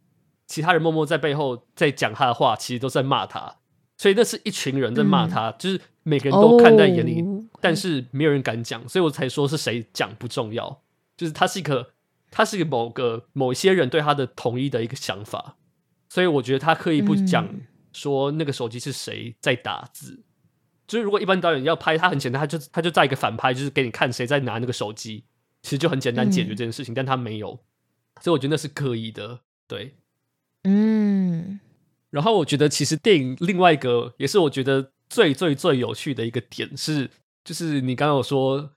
其他人默默在背後在講他的話，其實都在罵他，所以那是一群人在罵他、嗯，就是每個人都看在眼裡，哦、但是沒有人敢講，所以我才說是誰講不重要，就是他是一個，他是一個某個某一些人對他的統一的一個想法。所以我覺得他刻意不講說那個手機是誰在打字，嗯、就是如果一般導演要拍他很簡單，他就他就在一個反拍，就是給你看誰在拿那個手機，其實就很簡單解決這件事情。嗯、但他沒有，所以我覺得那是刻意的。對，嗯。然後我覺得其實電影另外一個也是我覺得最最最有趣的一個點是，就是你剛剛有說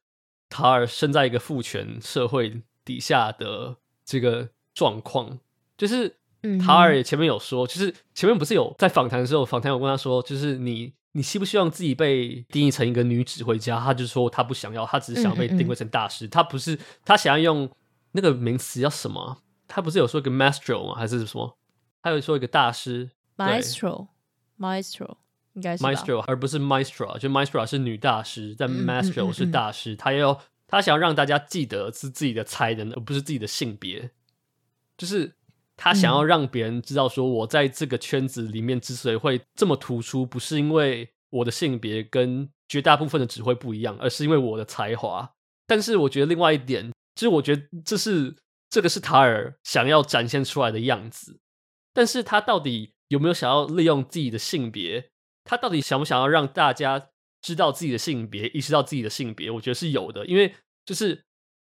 塔爾身在一個父權社會底下的這個狀況，就是。塔、嗯、爾、嗯、前面有說，就是前面不是有在訪談的時候，訪談有跟他說，就是你你希不希望自己被定義成一個女指揮家？他就說他不想要，他只是想要被定位成大師。嗯嗯嗯，他不是他想要用那個名詞叫什麼？他不是有說一個 maestro 嗎？還是什麼？他有說一個大師 maestro maestro 應該是 maestro，而不是 maestra，就 maestra 是女大師，但 maestro 是大師。嗯嗯嗯嗯，嗯，他要他想要讓大家記得是自己的才能，而不是自己的性別，就是。他想要讓別人知道，說我在這個圈子裡面之所以會這麼突出，不是因為我的性別跟絕大部分的指揮不一樣，而是因為我的才華。但是我覺得另外一點，就是我覺得這是這個是塔爾想要展現出來的樣子。但是他到底有沒有想要利用自己的性別？他到底想不想要讓大家知道自己的性別，意識到自己的性別？我覺得是有的，因為就是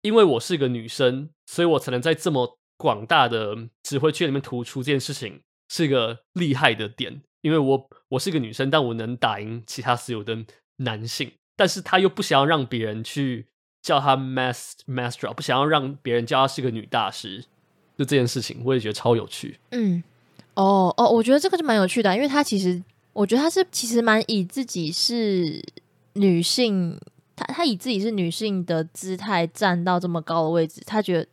因為我是一個女生，所以我才能在這麼。廣大的指揮區裡面突出這件事情是一個厲害的點，因為我我是一個女生，但我能打贏其他所有的男性，但是他又不想要讓別人去叫他 master master，不想要讓別人叫他是個女大師，就這件事情我也覺得超有趣。嗯，哦哦，我覺得這個就蠻有趣的啊，因為他其實我覺得他是其實蠻以自己是女性，他他以自己是女性的姿態站到這麼高的位置，他覺得。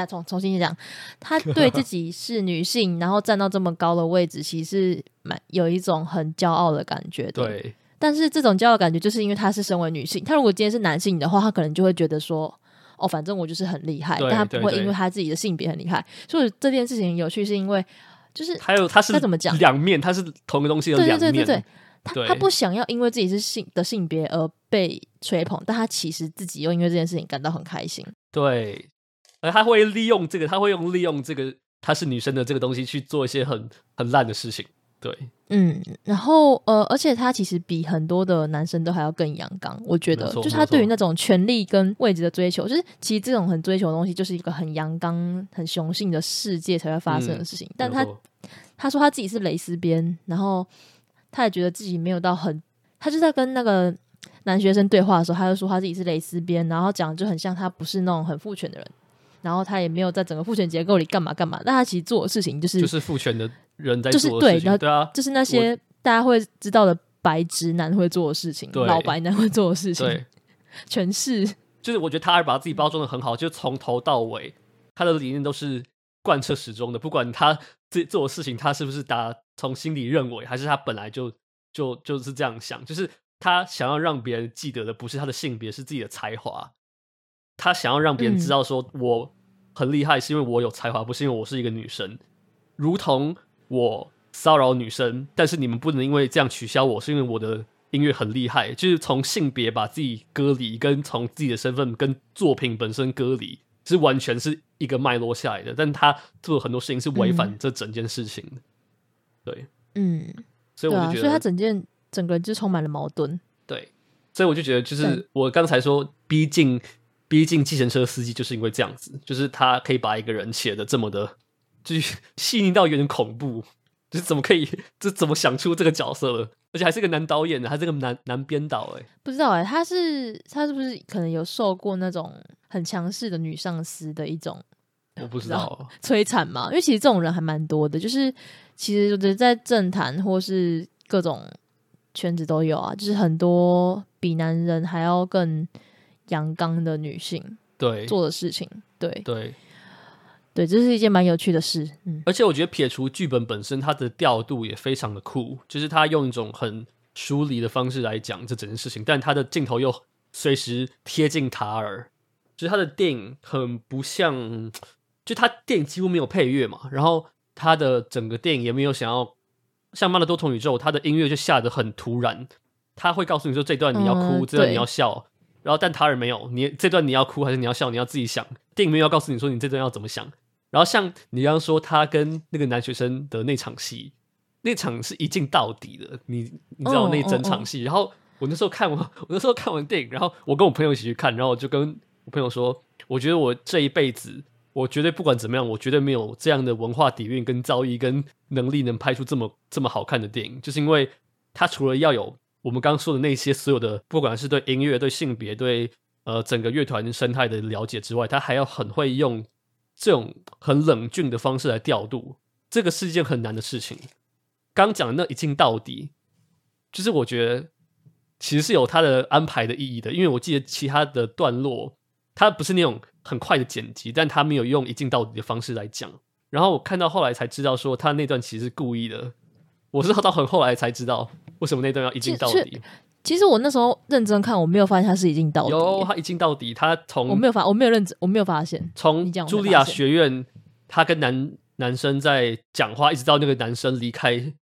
對重重新講，她對自己是女性， (laughs) 然後站到這麼高的位置，其實蠻有一種很驕傲的感覺對,對，但是這種驕傲感覺，就是因為她是身為女性。她如果今天是男性的話，她可能就會覺得說：“哦，反正我就是很厲害。”但他不會因為他自己的性別很厲害對對對。所以這件事情有趣，是因為就是還有他是他怎麼講兩面，他是同一個東西的兩面。對對對對她他,他不想要因為自己是性的性別而被吹捧，但他其實自己又因為這件事情感到很開心。對。而他會利用這個，他會用利用這個他是女生的這個東西去做一些很很爛的事情。對，嗯，然後呃，而且他其實比很多的男生都還要更陽剛，我覺得，就是他對於那種權力跟位置的追求，就是其實這種很追求的東西，就是一個很陽剛、很雄性的世界才會發生的事情。嗯，但他他說他自己是蕾絲邊，然後他也覺得自己沒有到很，他就在跟那個男學生對話的時候，他就說他自己是蕾絲邊，然後講就很像他不是那種很父權的人。然後他也沒有在整個父權結構裡幹嘛幹嘛，但他其實做的事情就是就是父權的人在做的事情，就是對，對啊，就是那些大家會知道的白直男會做的事情，老白男會做的事情，全是就是我覺得他還是把自己包裝得很好，就是從頭到尾他的理念都是貫徹始終的，不管他自己做的事情，他是不是打從心底認為，還是他本來就就就是這樣想，就是他想要讓別人記得的不是他的性別，是自己的才華。他想要讓別人知道，說我很厲害，是因為我有才華，不是因為我是一個女生。如同我騷擾女生，但是你們不能因為這樣取消我，是因為我的音樂很厲害。就是從性別把自己隔離，跟從自己的身份跟作品本身割離，是完全是一個脈絡下來的。但他做很多事情是違反這整件事情的。嗯，對，嗯，所以我就覺得，所以他整件整個人就充滿了矛盾。對，所以我就覺得，就是我剛才說，畢竟。畢竟，計程車司機就是因為這樣子，就是他可以把一個人寫的這麼的，就是細膩到有點恐怖。就是怎麼可以？這怎麼想出這個角色了？而且還是一個男導演呢、啊，還是一個男男編導、欸。哎，不知道哎、欸，他是他是不是可能有受過那種很強勢的女上司的一種，我不知道啊，知道摧殘嘛？因為其實這種人還蠻多的，就是其實就在政壇或是各種圈子都有啊。就是很多比男人還要更。陽剛的女性對做的事情，對對對，這是一件蠻有趣的事。嗯，而且我覺得撇除劇本本身，它的調度也非常的酷。就是他用一種很疏離的方式來講這整件事情，但他的鏡頭又隨時貼近塔爾。就是他的電影很不像，就他電影幾乎沒有配樂嘛。然後他的整個電影也沒有想要像《媽的多重宇宙》，他的音樂就下得很突然。他會告訴你說：“這段你要哭、嗯，這段你要笑。”然後，但塔爾沒有你這段，你要哭還是你要笑？你要自己想，電影沒有要告訴你說你這段要怎麼想。然後像你剛剛說，他跟那個男學生的那場戲，那場是一鏡到底的，你你知道那整場戲。然後我那時候看完，我那時候看完電影，然後我跟我朋友一起去看，然後我就跟我朋友說，我覺得我這一輩子，我絕對不管怎麼樣，我絕對沒有這樣的文化底蘊、跟造詣、跟能力能拍出這麼這麼好看的電影，就是因為他除了要有。我們剛、剛說的那些所有的，不管是對音樂、對性別、對呃整個樂團生態的了解之外，他還要很會用這種很冷峻的方式來調度，這個是一件很難的事情。剛講的那一鏡到底，就是我覺得其實是有他的安排的意義的，因為我記得其他的段落，他不是那種很快的剪輯，但他沒有用一鏡到底的方式來講。然後我看到後來才知道說，說他那段其實是故意的。我是到很後來才知道為什麼那段要一鏡到底。其實，其實我那時候認真看，我沒有發現他是一鏡到底。有他一鏡到底，他從我沒有發，我沒有認真，我沒有發現。從茱莉亞學院，他跟男男生在講話，一直到那個男生離開，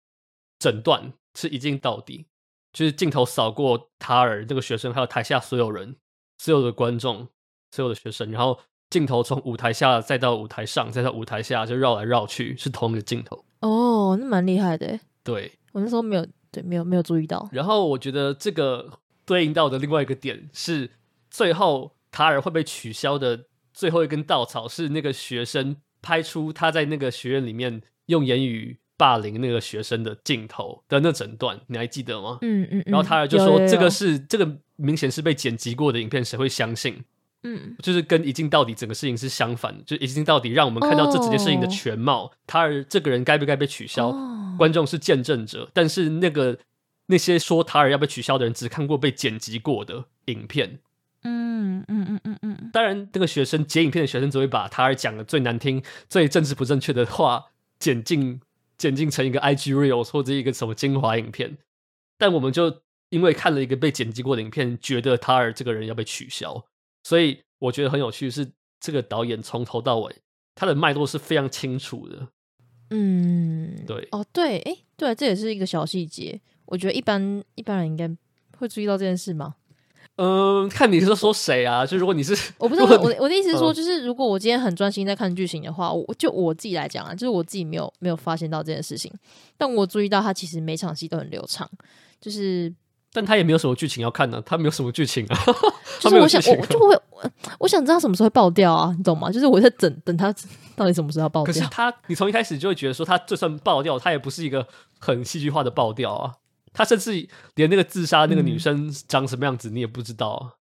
整段是一鏡到底，就是鏡頭掃過塔爾這、那個學生，還有台下所有人、所有的觀眾、所有的學生，然後鏡頭從舞台下再到舞台上，再到舞台下，就繞來繞去，是同一個鏡頭。哦、oh，那蠻厲害的。對，我那時候沒有，對，沒有，沒有注意到。然後我覺得這個對應到的另外一個點是，最後塔爾會被取消的最後一根稻草是那個學生拍出他在那個學院裡面用言語霸凌那個學生的鏡頭的那整段，你還記得嗎？嗯嗯,嗯。然後塔爾就說：“這個是這個明顯是被剪輯過的影片，誰會相信？”嗯，就是跟《一鏡到底》整個事情是相反的，就《一鏡到底》讓我們看到這整件事情的全貌。哦、塔爾這個人該不該被取消？哦、觀眾是見證者，但是那個那些說塔爾要被取消的人，只看過被剪輯過的影片。嗯嗯嗯嗯嗯。當然，那個學生剪影片的學生只會把塔爾講的最難聽、最政治不正確的話剪進剪進成一個 IG Reels 或者一個什麼精華影片。但我們就因為看了一個被剪輯過的影片，覺得塔爾這個人要被取消。所以我覺得很有趣，是這個導演從頭到尾他的脈絡是非常清楚的。嗯，對，哦，對，哎，對，這也是一個小細節。我覺得一般一般人應該會注意到這件事嗎？嗯，看你是說，說誰啊？就如果你是我，我不知道，我的我的意思是說，就是如果我今天很專心在看劇情的話，我就我自己來講啊，就是我自己沒有沒有發現到這件事情，但我注意到他其實每場戲都很流暢，就是。但他也沒有什麼劇情要看呢、啊，他沒有什麼劇情啊， (laughs) 就是我想、啊、我就會我，我想知道他什麼時候會爆掉啊，你懂嗎？就是我在等等他到底什麼時候要爆掉。可是他，你從一開始就會覺得說他，他就算爆掉，他也不是一個很戲劇化的爆掉啊。他甚至連那個自殺那個女生長什麼樣子、嗯、你也不知道、啊，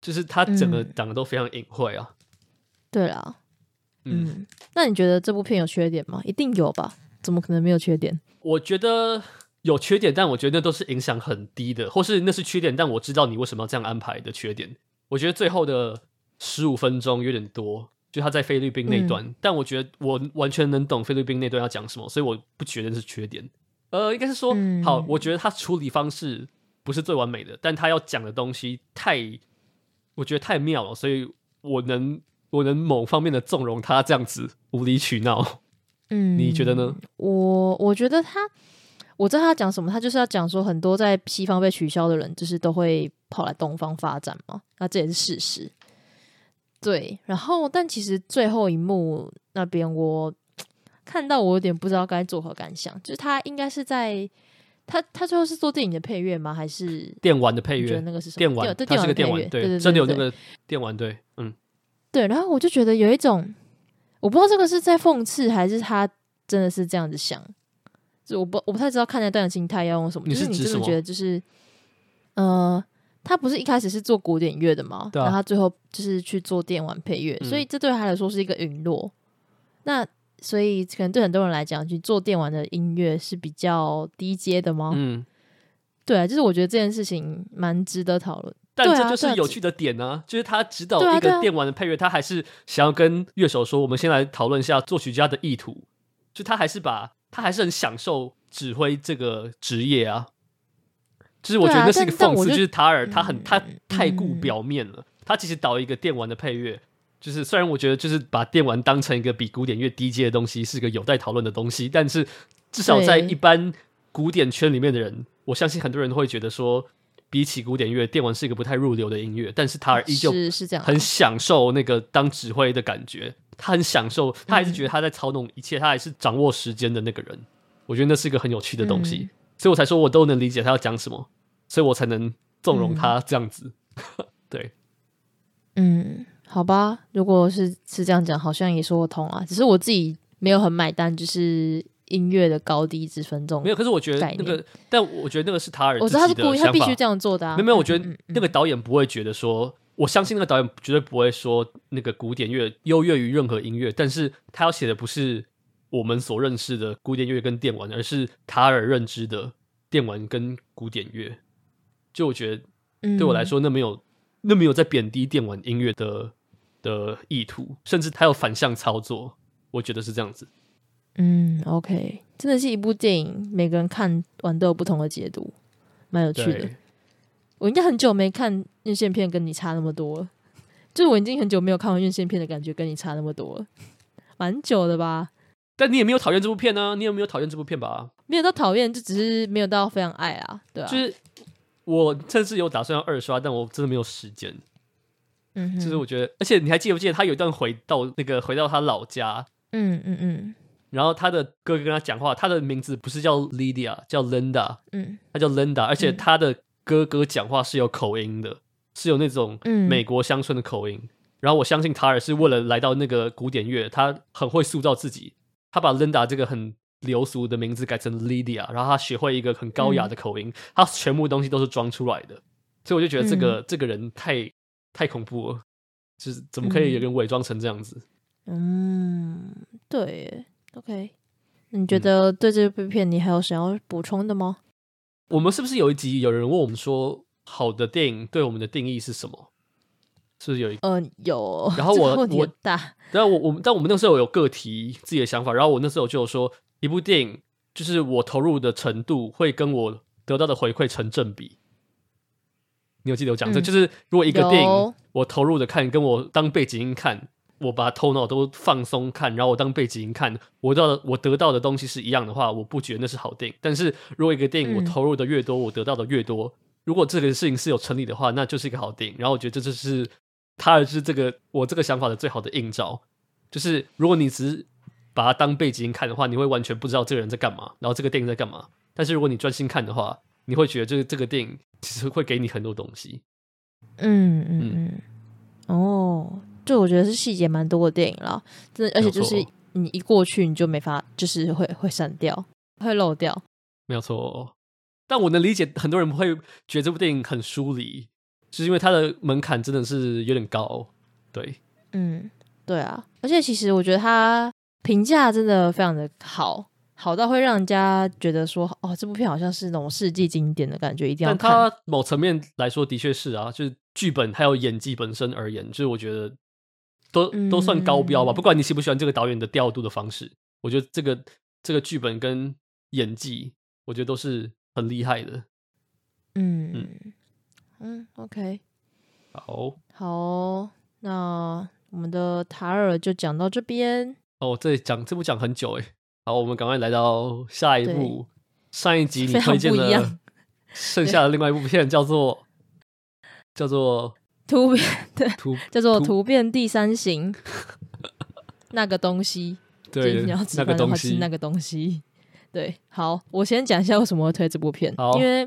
就是他整個長得都非常隱晦啊。對啦嗯，嗯，那你覺得這部片有缺點嗎？一定有吧，怎麼可能沒有缺點？我覺得。有缺點，但我覺得那都是影響很低的，或是那是缺點。但我知道你為什麼要這樣安排的缺點。我覺得最後的十五分鐘有點多，就他在菲律賓那段，嗯。但我覺得我完全能懂菲律賓那段要講什麼，所以我不覺得那是缺點。呃，應該是說好，我覺得他處理方式不是最完美的，嗯，但他要講的東西太，我覺得太妙了，所以我能我能某方面的縱容他這樣子無理取鬧。嗯，你覺得呢？我我覺得他。我知道他講什麼，他就是要講說很多在西方被取消的人，就是都會跑來東方發展嘛。那這也是事實。對，然後但其實最後一幕那邊，我看到我有點不知道該作何感想。就是他應該是在他他最後是做電影的配樂嗎？還是電玩的配樂？那個是什麼？電玩？對，電玩。對對對。真的有那個電玩？對，嗯。對，然後我就覺得有一種，我不知道這個是在諷刺，還是他真的是這樣子想。就我不我不太知道看待段的心態要用什麼，你是什麼，就是你是不是覺得就是，呃，他不是一開始是做古典樂的嗎？啊，然後他最後就是去做電玩配樂，嗯，所以這對他來說是一個隕落。那所以可能對很多人來講，就做電玩的音樂是比較低階的嗎？嗯，對，啊。就是我覺得這件事情蠻值得討論。但這就是有趣的點呢，啊啊啊，就是他指導一個電玩的配樂，啊啊，他還是想要跟樂手說，我們先來討論一下作曲家的意圖，就他還是把。他還是很享受指揮這個職業啊，就是我覺得那是一個諷刺、啊，就是塔爾他很、嗯、他太顧表面了、嗯。他其實導一個電玩的配樂，就是雖然我覺得就是把電玩當成一個比古典樂低階的東西，是一個有待討論的東西，但是至少在一般古典圈裡面的人，我相信很多人都會覺得說，比起古典樂，電玩是一個不太入流的音樂。但是塔爾依舊、是、是這樣的、很享受那個當指揮的感覺。他很享受，他還是覺得他在操弄一切、嗯，他還是掌握時間的那個人。我覺得那是一個很有趣的東西，嗯、所以我才說我都能理解他要講什麼，所以我才能縱容他這樣子。嗯、 (laughs) 對，嗯，好吧，如果是是這樣講，好像也說得通啊。只是我自己沒有很買單，就是音樂的高低之分這種沒有。可是我覺得那個，但我覺得那個是他人，我知道他是故意，他必須這樣做的、啊嗯。沒有，我覺得那個導演不會覺得說。嗯嗯嗯我相信那個導演絕對不會說，那個古典樂優越於任何音樂，但是他要寫的不是我們所認識的古典樂跟電玩，而是塔爾認知的電玩跟古典樂。就我覺得，對我來說，那沒有，那沒有在貶低電玩音樂的的意圖，甚至他有反向操作，我覺得是這樣子。嗯，OK，真的是一部電影，每個人看完都有不同的解讀，蠻有趣的。我應該很久沒看院線片，跟你差那麼多了。 (laughs) 就是我已經很久沒有看完院線片的感覺，跟你差那麼多了，蠻 (laughs) 久的吧？但你也沒有討厭這部片呢、啊？你有沒有討厭這部片吧？沒有到討厭，就只是沒有到非常愛啊，對啊。就是我甚至有打算要二刷，但我真的沒有時間。嗯，就是我覺得，而且你還記不記得他有一段回到那個回到他老家？嗯嗯嗯。然後他的哥哥跟他講話，他的名字不是叫 Lydia，叫 Linda。嗯，他叫 Linda，而且他的、嗯。哥哥講話是有口音的，是有那種美國鄉村的口音，嗯。然後我相信他也是為了來到那個古典樂，他很會塑造自己，他把 Linda 這個很流俗的名字改成 Lydia，然後他學會一個很高雅的口音，嗯，他全部東西都是裝出來的。所以我就覺得這個，嗯、這個人太太恐怖了，就是怎麼可以有人偽裝成這樣子？嗯，嗯對。OK，你覺得對這部片你還有想要補充的嗎？我們是不是有一集有人問我們說，好的電影對我們的定義是什麼？是不是有一個嗯有？然後我後我但我我們但我們那時候有個題自己的想法，然後我那時候就有說，一部電影就是我投入的程度會跟我得到的回饋成正比。你有記得我講這個嗯、就是如果一個電影我投入的看，跟我當背景音看。我把頭腦都放鬆看，然後我當背景音看，我到我得到的東西是一樣的話，我不覺得那是好電影。但是如果一個電影我投入的越多，嗯，我得到的越多，如果這個事情是有成立的話，那就是一個好電影。然後我覺得這就是他是這個我這個想法的最好的映照，就是如果你只是把它當背景看的話，你會完全不知道這個人在幹嘛，然後這個電影在幹嘛。但是如果你專心看的話，你會覺得這個這個電影其實會給你很多東西。嗯嗯嗯，哦。就我覺得是細節蠻多的電影啦，真的，而且就是你一過去你就沒法，就是會會刪掉，會漏掉。沒有錯，但我能理解很多人會覺得這部電影很疏離，就是因為它的門檻真的是有點高。對，嗯，對啊，而且其實我覺得它評價真的非常的好，好到會讓人家覺得說，哦，這部片好像是那種世紀經典的感覺，一定要看。但它某層面來說的確是啊，就是劇本還有演技本身而言，就是我覺得。都都算高標吧、嗯，不管你喜不喜歡這個導演的調度的方式，我覺得這個這個劇本跟演技，我覺得都是很厲害的。嗯嗯嗯，OK，好，好，那我們的塔爾就講到這邊。哦，這裡講這部講很久哎，好，我們趕快來到下一部上一集你推薦的剩下的另外一部片叫做叫做。突變，對，叫做「突變第三型」，那個東西， (laughs) 對，你要知道它是那個東西。對，好，我先講一下為什麼會推這部片，因為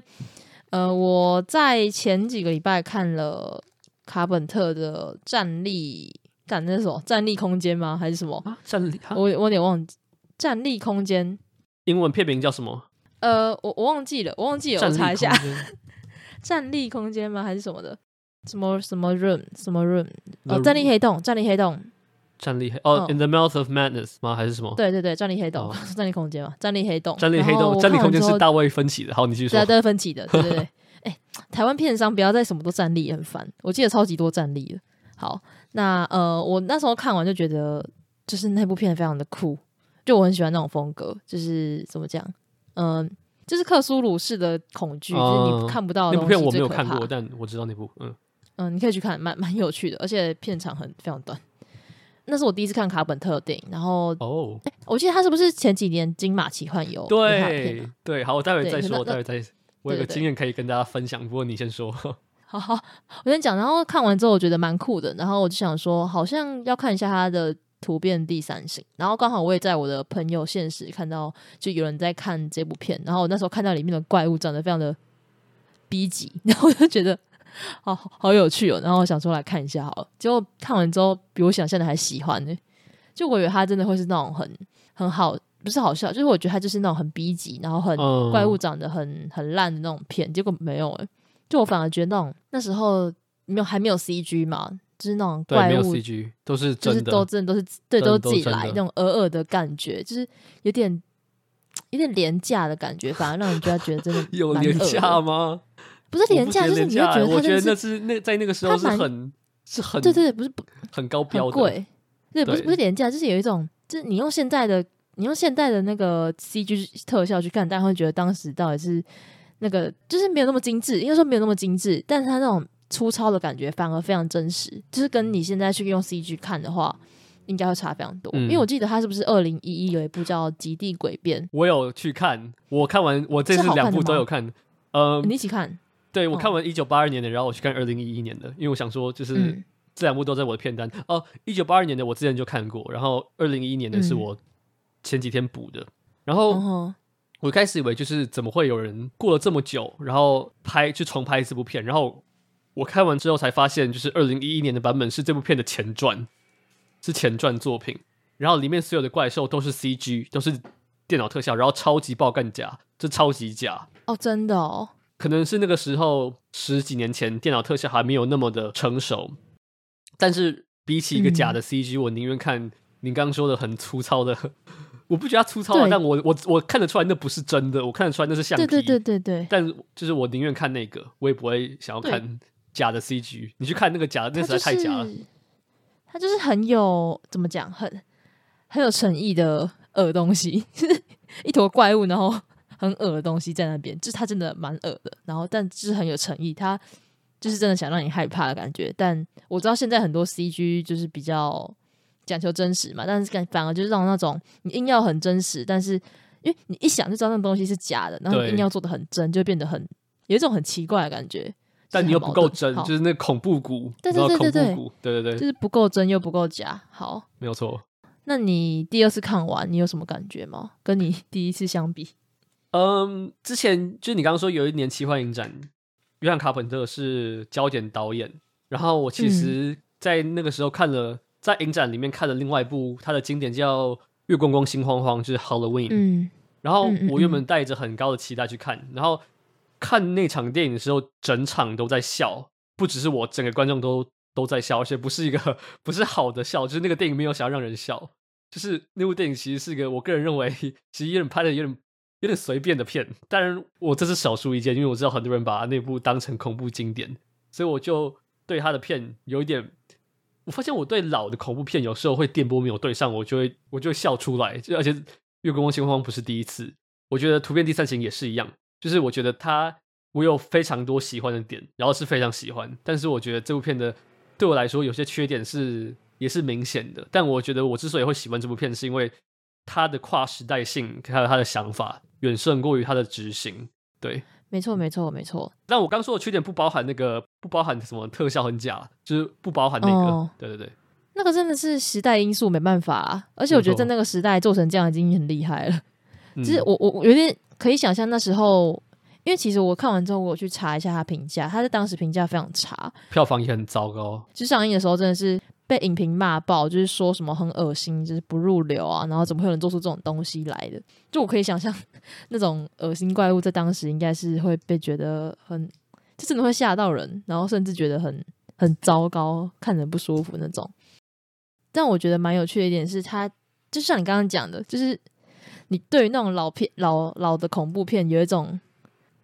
呃，我在前幾個禮拜看了卡本特的《站立，敢那什麼《站立空間》嗎？還是什麼《站、啊、立、啊，我我有點忘記，《站立空間》英文片名叫什麼？呃，我我忘記了，我忘記了，我查一下，《站立空間》嗎？還是什麼的？什麼什麼 room 什麼 room 站、哦、戰慄黑洞，戰慄黑洞，戰慄黑哦，in the mouth of madness 嗎？還是什麼？對對對，戰慄黑洞，哦、戰慄空間嘛，戰慄黑洞，戰慄黑洞，戰慄空間是大衛芬奇的。好，你繼續說。是、啊、芬奇的，對對對。 (laughs) 欸、台灣片商不要再什麼都戰慄，很煩。我記得超級多戰慄了。好，那呃，我那時候看完就覺得，就是那部片非常的酷，就我很喜歡那種風格，就是怎麼講，嗯，就是克蘇魯式的恐懼，就是你看不到、嗯、那部片我沒有看過，但我知道那部，嗯。嗯，你可以去看，蠻蠻有趣的，而且片長，很非常短。那是我第一次看卡本特的電影，然後哦、oh.，我記得他是不是前幾年金馬奇幻遊？對，對，好，我待會再說，待會再，我有個經驗可以跟大家分享對對對。不過你先說，好好，我先講。然後看完之後我覺得蠻酷的，然後我就想說，好像要看一下他的《突變第三型》。然後剛好我也在我的朋友現實看到，就有人在看這部片，然後我那時候看到裡面的怪物長得非常的 B 級，然後我就覺得。好好有趣哦、喔！然後我想說，來看一下好了，結果看完之後比我想象的還喜歡呢、欸。就我以為他真的會是那種很很好，不是好笑，就是我覺得他就是那種很 B 級，然後很怪物長得很、嗯、很爛的那種片。結果沒有哎、欸，就我反而覺得那種那時候沒有還沒有 C G 嘛，就是那種怪物 C G 都是就是都真的都是對都自己來那種爾、呃、爾、呃、的感覺，就是有點有點廉價的感覺，反而讓人家得覺得真的、呃、的 (laughs) 有廉價嗎？不是廉價，就是你會覺得它就是我覺得那，是那在那個時候是很是很對，對對，不是不很高標貴，對，不是不是廉價，就是有一種，就是你用現在的你用現在的那個 C G 特效去看，大家會覺得當時到底是那個就是沒有那麼精致，應該說沒有那麼精致，但是它那種粗糙的感覺反而非常真實，就是跟你現在去用 C G 看的話，應該會差非常多。嗯、因為我記得它是不是二零一一有一部叫《極地詭變》，我有去看，我看完我這次兩部都有看，呃、嗯，你一起看。對，我看完一九八二年的，oh. 然後我去看二零一一年的，因為我想說，就是、嗯、這兩部都在我的片單哦。一九八二年的我之前就看過，然後二零一一年的是我前幾天補的。嗯、然後我一開始以為就是怎麼會有人過了這麼久，然後拍去重拍這部片。然後我看完之後才發現，就是二零一一年的版本是這部片的前傳，是前傳作品。然後裡面所有的怪獸都是 CG，都是電腦特效，然後超級爆幹假。這超級假。哦、oh,，真的哦。可能是那個時候十幾年前，電腦特效還沒有那麼的成熟，但是、嗯、比起一個假的 CG，我寧願看你剛剛說的很粗糙的。我不覺得它粗糙啊，但我我我看得出來那不是真的，我看得出來那是橡皮。對對對對對，對。但就是我寧願看那個，我也不會想要看假的 CG。你去看那個假的，那實在太假了。他就是，他就是很有怎麼講，很很有誠意的呃東西，就 (laughs) 是一坨怪物，然後。很惡的東西在那邊，就是他真的蠻惡的。然後，但就是很有誠意，他就是真的想讓你害怕的感覺。但我知道現在很多 CG 就是比較講求真實嘛，但是感反而就是讓那種你硬要很真實，但是因為你一想就知道那東西是假的，然後硬要做得很真，就變得很有一種很奇怪的感覺。但你又不夠真，就是那恐怖谷，對對，對，對，對，對恐怖谷，對，對對對，就是不夠真又不夠假。好，沒有錯。那你第二次看完，你有什麼感覺嗎？跟你第一次相比？嗯、um，之前就是你剛剛說有一年奇幻影展，約翰卡本特是焦點導演。然後我其實，在那個時候看了、嗯、在影展裡面看了另外一部他的經典叫《月光光心慌慌》，就是 Halloween、嗯。然後我原本帶着很高的期待去看，然後看那場電影的時候，整場都在笑，不只是我，整個觀眾都都在笑，而且不是一個不是好的笑，就是那個電影沒有想要讓人笑，就是那部電影其實是一個，我個人認為其實有點拍得有點。有點隨便的片，當然我這是少數一件，因為我知道很多人把他那部當成恐怖經典，所以我就對他的片有一點，我發現我對老的恐怖片有時候會電波沒有對上，我就會我就會笑出來，就而且月光光心慌慌不是第一次，我覺得《突變第三型》也是一樣，就是我覺得他我有非常多喜歡的點，然後是非常喜歡，但是我覺得這部片的對我來說有些缺點是也是明顯的，但我覺得我之所以會喜歡這部片，是因為他的跨時代性，還有他的想法。遠勝過於它的執行，對，沒錯，沒錯，沒錯。但我剛說的缺點，不包含那個，不包含什麼特效很假，就是不包含那個。哦、對對對，那個真的是時代因素，沒辦法、啊。而且我覺得在那個時代做成這樣已經很厲害了。其實我我我有點可以想象那時候，嗯、因為其實我看完之後，我去查一下他評價，他是當時評價非常差，票房也很糟糕。就上映的時候真的是。被影評罵爆，就是說什麼很惡心，就是不入流啊，然後怎麼會有人做出這種東西來的？就我可以想象，那種惡心怪物，在當時應該是會被覺得很，就真的會嚇到人，然後甚至覺得很很糟糕，看着不舒服那種。但我覺得蠻有趣的一點是他，他就像你剛剛講的，就是你對於那種老片、老老的恐怖片有一種，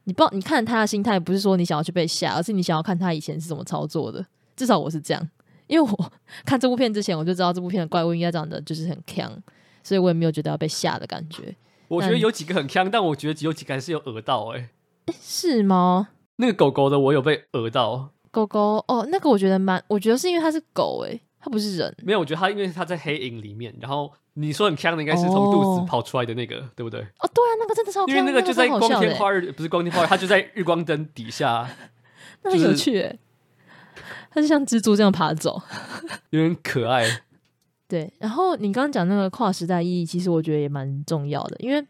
你不知道，你看他的心態不是說你想要去被嚇，而是你想要看他以前是怎麼操作的。至少我是這樣。因為我看這部片之前，我就知道這部片的怪物應該長得就是很強，所以我也沒有覺得要被嚇的感覺。我覺得有幾個很強，但我覺得只有幾個人是有訛到哎？是嗎？那個狗狗的我有被訛到。狗狗哦，那個我覺得蠻，我覺得是因為它是狗哎、欸，它不是人。沒有，我覺得它因為它在黑影裡面，然後你說很強的應該是從肚子跑出來的那個、哦，對不對？哦，對啊，那個真的超是因為那個就在光天化日、那個欸，不是光天化日，它就在日光燈底下、 (laughs) 就是，那很有趣哎、欸。它就像蜘蛛這樣爬走，有點可愛。 (laughs) 對，然後你剛剛講那個跨時代意義，其實我覺得也蠻重要的，因為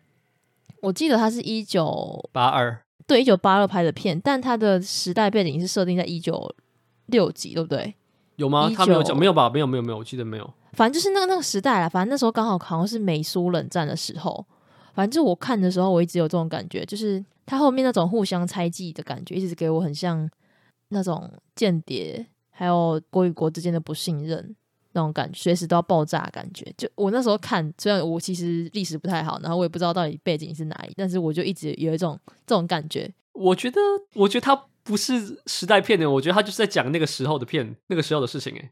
我記得它是一九八二，對，一九八二拍的片，但它的時代背景是設定在一九六幾，對不對？有嗎？19... 他沒有講，沒有吧？沒有，沒有，沒有，我記得沒有。反正就是那個那個時代啦，反正那時候剛好好像是美蘇冷戰的時候。反正就我看的時候，我一直有這種感覺，就是它後面那種互相猜忌的感覺，一直給我很像那種間諜。還有國與國之間的不信任，那種感覺，隨時都要爆炸感覺。就我那時候看，雖然我其實歷史不太好，然後我也不知道到底背景是哪裡，但是我就一直有一種這種感覺。我覺得，我覺得他不是時代片的，我覺得他就是在講那個時候的片，那個時候的事情。哎，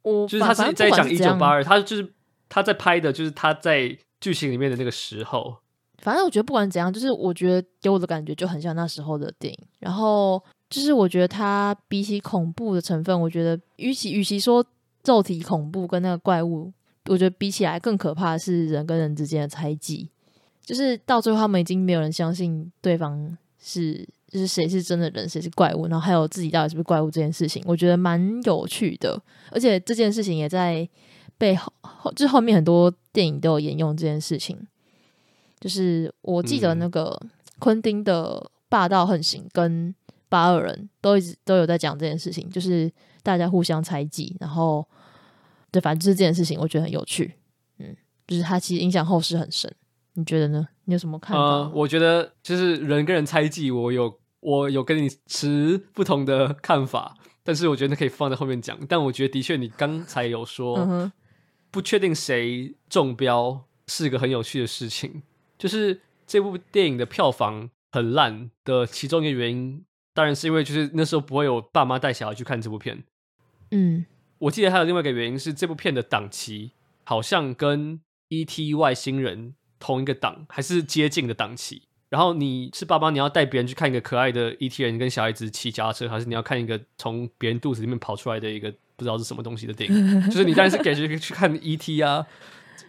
我就是他是在講一九八二，他就是他在拍的就是他在劇情裡面的那個時候。反正我覺得不管怎樣，就是我覺得給我的感覺就很像那時候的電影。然後。就是我覺得它比起恐怖的成分，我覺得與其與其說肉體恐怖跟那個怪物，我覺得比起來更可怕的是人跟人之間的猜忌。就是到最後，他們已經沒有人相信對方是，就是誰是真的人，誰是怪物，然後還有自己到底是不是怪物這件事情，我覺得蠻有趣的。而且這件事情也在背後後就是後面很多電影都有沿用這件事情。就是我記得那個昆汀的《霸道橫行》跟。八二人都一直都有在講這件事情，就是大家互相猜忌，然後對，反正就是這件事情，我覺得很有趣，嗯，就是它其實影響後世很深，你覺得呢？你有什麼看法？呃，我覺得就是人跟人猜忌，我有我有跟你持不同的看法，但是我覺得那可以放在後面講。但我覺得的確，你剛才有說，嗯哼，不確定誰中標，是一個很有趣的事情。就是這部電影的票房很爛的其中一個原因。當然是因為就是那時候不會有爸媽帶小孩去看這部片，嗯，我記得還有另外一個原因是這部片的檔期好像跟《E.T. 外星人》同一個檔還是接近的檔期，然後你是爸媽你要帶別人去看一個可愛的 E.T. 人跟小孩子騎腳踏車，還是你要看一個從別人肚子裡面跑出來的一個不知道是什麼東西的電影？ (laughs) 就是你當然是給誰去看 E.T. 啊，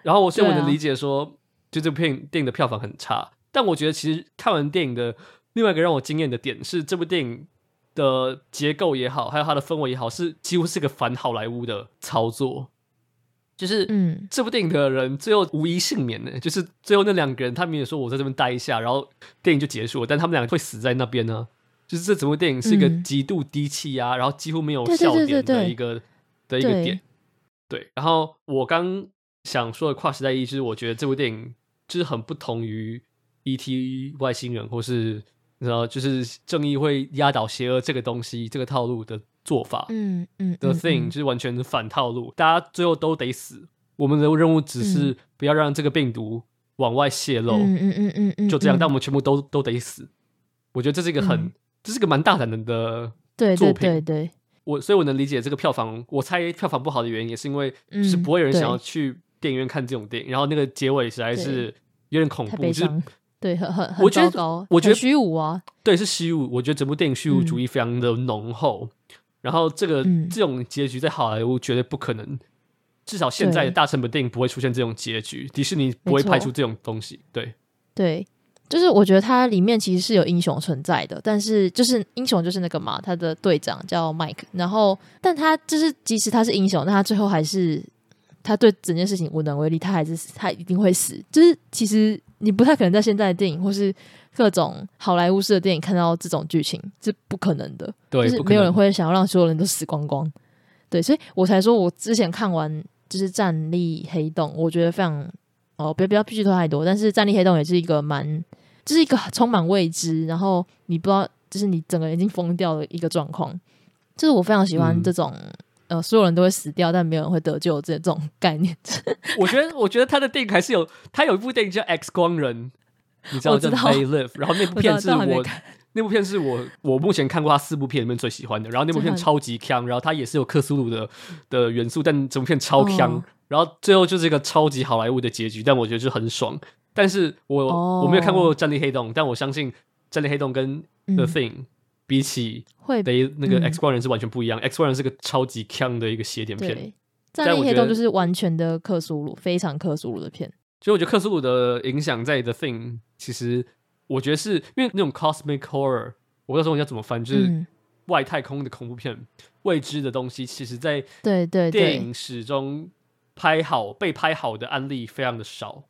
然後我所以我能理解說，啊、就這部片電影的票房很差，但我覺得其實看完電影的。另外一個讓我驚艷的點是，這部電影的結構也好，還有它的氛圍也好，是幾乎是一個反好萊塢的操作。就是，嗯，這部電影的人最後無一幸免，就是最後那兩個人，他們也說我在這邊待一下，然後電影就結束了，但他們兩個會死在那邊呢、啊。就是這整部電影是一個極度低氣壓，嗯、然後幾乎沒有笑點的一個對對對對對對對的一個點。對。對，然後我剛想說的跨時代意義，就是我覺得這部電影就是很不同於 E.T. 外星人或是。然後就是正義會壓倒邪惡這個東西，這個套路的做法，嗯嗯，The thing 嗯嗯就是完全反套路，嗯、大家最後都得死。嗯。我們的任務只是不要讓這個病毒往外泄露，嗯嗯嗯嗯，就這樣。嗯。但我們全部都都得死。嗯。我覺得這是一個很，嗯、這是一個蠻大膽的對作品。對、對、對、對我，所以我能理解這個票房。我猜票房不好的原因也是因為，就是不會有人想要去電影院看這種電影。嗯、然後那個結尾實在是有點恐怖，就是。對，很很高高我覺得我覺得虛無啊。對，是虛無。我覺得整部電影虛無主義非常的濃厚、嗯。然後這個、嗯、這種結局在好萊塢絕對不可能，至少現在的大成本電影不會出現這種結局，迪士尼不會拍出這種東西。對，對，就是我覺得它裡面其實是有英雄存在的，但是就是英雄就是那個嘛，他的隊長叫 Mike，然後但他就是即使他是英雄，那他最後還是他對整件事情無能為力，他還是他一定會死，就是其實。你不太可能在現在的電影或是各種好萊塢式的電影看到這種劇情，是不可能的。對，就是沒有人會想要讓所有人都死光光。對，所以我才說，我之前看完就是《戰慄黑洞》，我覺得非常哦，不要不要，必須說太多。但是《戰慄黑洞》也是一個蠻，就是一個充滿未知，然後你不知道，就是你整個人已經瘋掉的一個狀況，就是我非常喜歡這種。嗯呃、所有人都會死掉，但沒有人會得救，這這種概念。 (laughs) 我覺得，我覺得他的電影還是有，他有一部電影叫《X 光人》，你知道叫《They Live》，然後那部片是我，我那部片是我我目前看過他四部片裡面最喜歡的。然後那部片超級強，然後它也是有克蘇魯的的元素，但整部片超強，哦。然後最後就是一個超級好萊塢的結局，但我覺得就很爽。但是我、哦、我沒有看過《戰慄黑洞》，但我相信《戰慄黑洞》跟《The Thing》嗯。比起被那個 X o、嗯、人是完全不一樣，X o、嗯、人是個超級強的一個邪典片，在那些都就是完全的克蘇魯，非常克蘇魯的片。所以我覺得克蘇魯的影響在 The Thing，其實我覺得是因為那種 cosmic horror，我那時候要怎麼翻、嗯，就是外太空的恐怖片，未知的東西，其實在對對電影史中拍好對對對被拍好的案例非常的少、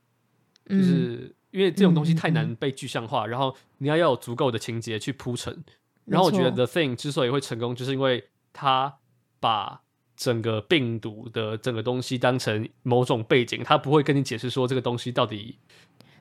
嗯，就是因為這種東西太難被具象化、嗯，然後你要要有足夠的情節去鋪陳。然後我覺得 The Thing 之所以會成功，就是因為他把整個病毒的整個東西當成某種背景，他不會跟你解釋說這個東西到底，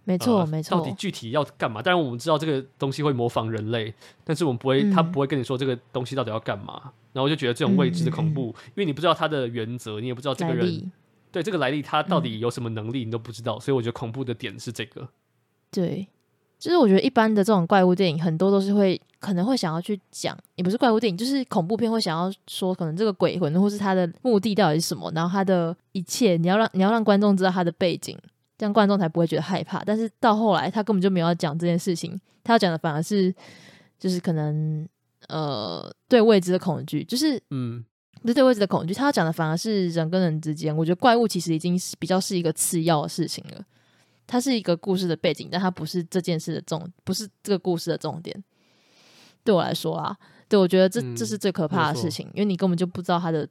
沒錯、呃、沒錯，到底具體要幹嘛。當然我們知道這個東西會模仿人類，但是我們不會，嗯、他不會跟你說這個東西到底要幹嘛。然後我就覺得這種未知的恐怖，嗯、因為你不知道他的原則，你也不知道這個人對這個來歷他到底有什麼能力，你都不知道、嗯。所以我覺得恐怖的點是這個。對。就是我覺得一般的這種怪物電影，很多都是會可能會想要去講，也不是怪物電影，就是恐怖片會想要說，可能這個鬼魂或是他的目的到底是什麼，然後他的一切，你要讓你要讓觀眾知道他的背景，這樣觀眾才不會覺得害怕。但是到後來，他根本就沒有講這件事情，他要講的反而是就是可能呃對未知的恐懼，就是嗯，不是對未知的恐懼。他要講的反而是人跟人之間，我覺得怪物其實已經是比較是一個次要的事情了。它是一個故事的背景，但它不是這件事的重，不是這個故事的重點。對我來說啊，對我覺得這、嗯、這是最可怕的事情，因為你根本就不知道它的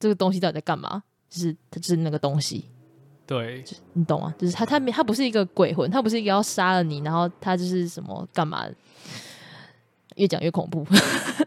這個東西到底在幹嘛，就是它就是那個東西。對，就你懂啊？就是它它他不是一個鬼魂，它不是一個要殺了你，然後它就是什麼幹嘛？越講越恐怖。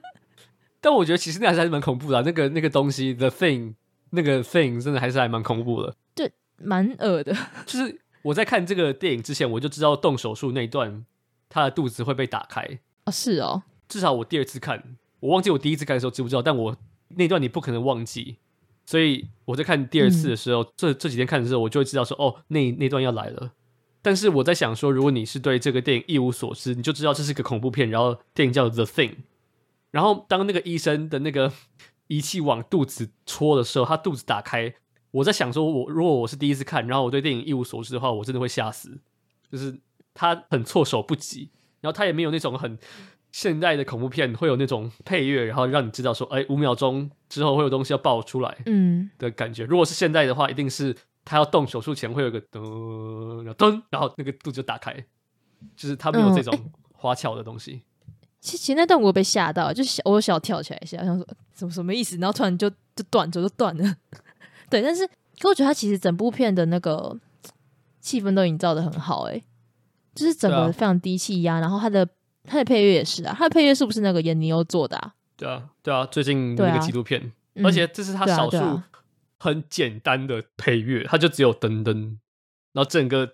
(laughs) 但我覺得其實那還是蠻恐怖的、啊，那個那個東西，the thing，那個 thing 真的還是還蠻恐怖的，對，蠻噁的，就是。我在看這個電影之前，我就知道動手術那一段他的肚子會被打開啊。哦！是哦，至少我第二次看，我忘記我第一次看的時候知不知道，但我那段你不可能忘記，所以我在看第二次的時候，嗯、這這幾天看的時候，我就會知道說哦，那那段要來了。但是我在想說，如果你是對這個電影一無所知，你就知道這是個恐怖片，然後電影叫《The Thing》，然後當那個醫生的那個儀器往肚子戳的時候，他肚子打開。我在想說我，我如果我是第一次看，然後我對電影一無所知的話，我真的會嚇死。就是他很措手不及，然後他也沒有那種很現代的恐怖片會有那種配樂，然後讓你知道說，哎，五秒鐘之後會有東西要爆出來，嗯的感覺、嗯。如果是現代的話，一定是他要動手術前會有個噔，然後噔，然後那個肚子就打開，就是他沒有這種花俏的東西。嗯、其實那段我被嚇到了，就是我小跳起來一下，想說什麼什麼意思，然後突然就就斷，就斷了。對，但是，可是我覺得他其實整部片的那個氣氛都營造得很好，欸，哎，就是整個非常低氣壓，啊，然後他的他的配樂也是啊，他的配樂是不是那個顏尼歐做的啊？對啊，對啊，最近那個紀錄片，啊，而且這是他少數很簡單的配樂，嗯啊啊，他就只有噔噔，然後整個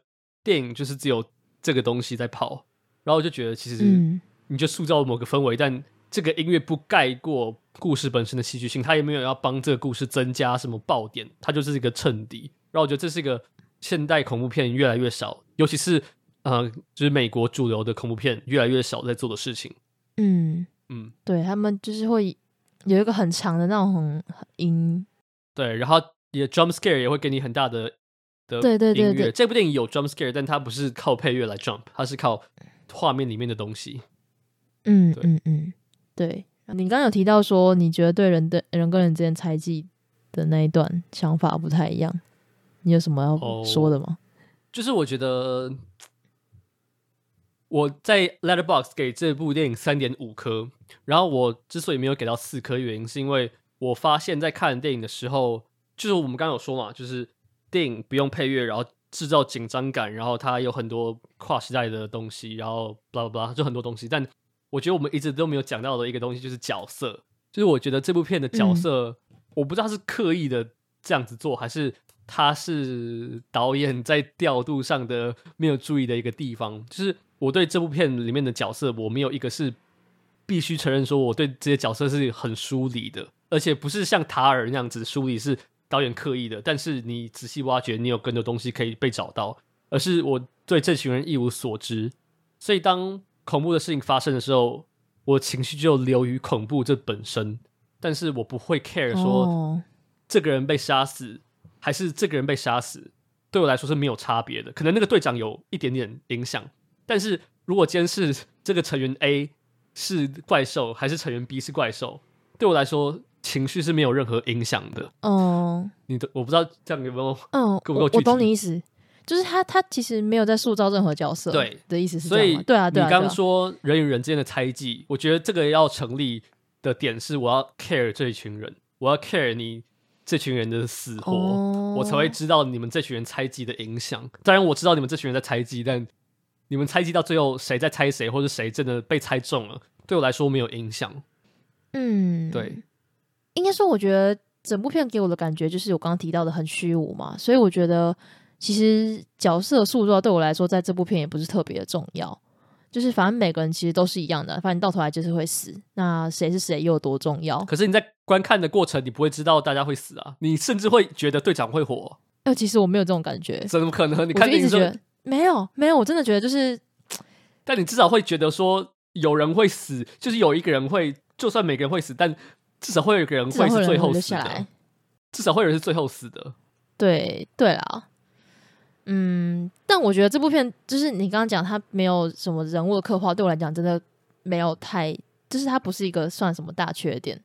電影就是只有這個東西在跑，然後我就覺得其實你就塑造了某個氛圍，但。這個音樂不蓋過故事本身的戲劇性，他也沒有要幫這個故事增加什麼爆點，它就是一個襯底。然後我覺得這是一個現代恐怖片越來越少，尤其是呃，就是美國主流的恐怖片越來越少在做的事情。嗯嗯，對，他們就是會有一個很長的那種音。對，然後也 jump scare 也會給你很大的，的對對對對，對。這部電影有 jump scare，但它不是靠配樂來 jump，它是靠畫面裡面的東西。嗯嗯嗯。嗯嗯對，你剛剛有提到說，你覺得對人的人跟人之間猜忌的那一段想法不太一樣，你有什麼要說的嗎？Oh, 就是我覺得我在 Letterbox 給這部電影三點五顆，然後我之所以沒有給到四顆原因，是因為我發現在看電影的時候，就是我們剛剛有說嘛，就是電影不用配樂，然後制造緊張感，然後它有很多跨時代的東西，然後 blah blah blah，就很多東西，但。我覺得我們一直都沒有講到的一個東西就是角色，就是我覺得這部片的角色，我不知道是刻意的這樣子做，還是他是導演在調度上的沒有注意的一個地方。就是我對這部片裡面的角色，我沒有一個是必須承認說我對這些角色是很疏離的，而且不是像塔爾那樣子疏離是導演刻意的，但是你仔細挖掘，你有更多東西可以被找到，而是我對這群人一無所知，所以當。恐怖的事情發生的時候，我情緒就流於恐怖這本身，但是我不會 care 說，這個人被殺死，Oh. 還是這個人被殺死，對我來說是沒有差別的。可能那個隊長有一點點影響，但是如果監視這個成員 A 是怪獸還是成員 B 是怪獸，對我來說情緒是沒有任何影響的。哦，Oh，你的我不知道這樣有沒有，嗯，Oh，我我懂你意思。就是他，他其實沒有在塑造任何角色，對的意思是對，所以對啊，對啊，你剛剛說、啊啊、人與人之間的猜忌，我覺得這個要成立的點是，我要 care 這一群人，我要 care 你這群人的死活，哦，我才會知道你們這群人猜忌的影響。當然，我知道你們這群人在猜忌，但你們猜忌到最後誰在猜誰，或是誰真的被猜中了，對我來說沒有影響。嗯，對，應該說，我覺得整部片給我的感覺就是我剛剛提到的很虛無嘛，所以我覺得。其實角色塑造對我來說，在這部片也不是特別的重要。就是反正每個人其實都是一樣的，反正到頭來就是會死。那誰是誰又有多重要？可是你在觀看的過程，你不會知道大家會死啊！你甚至會覺得隊長會活，呃。其實我沒有這種感覺。怎麼可能？你看一直你說沒有沒有，我真的覺得就是。但你至少會覺得說有人會死，就是有一個人會，就算每個人會死，但至少會有一個人會是最後死的。至少會有人，會有人是最後死的。對對啦。嗯，但我覺得這部片就是你剛剛講，它沒有什麼人物的刻畫，對我來講真的沒有太，就是它不是一個算什麼大缺點。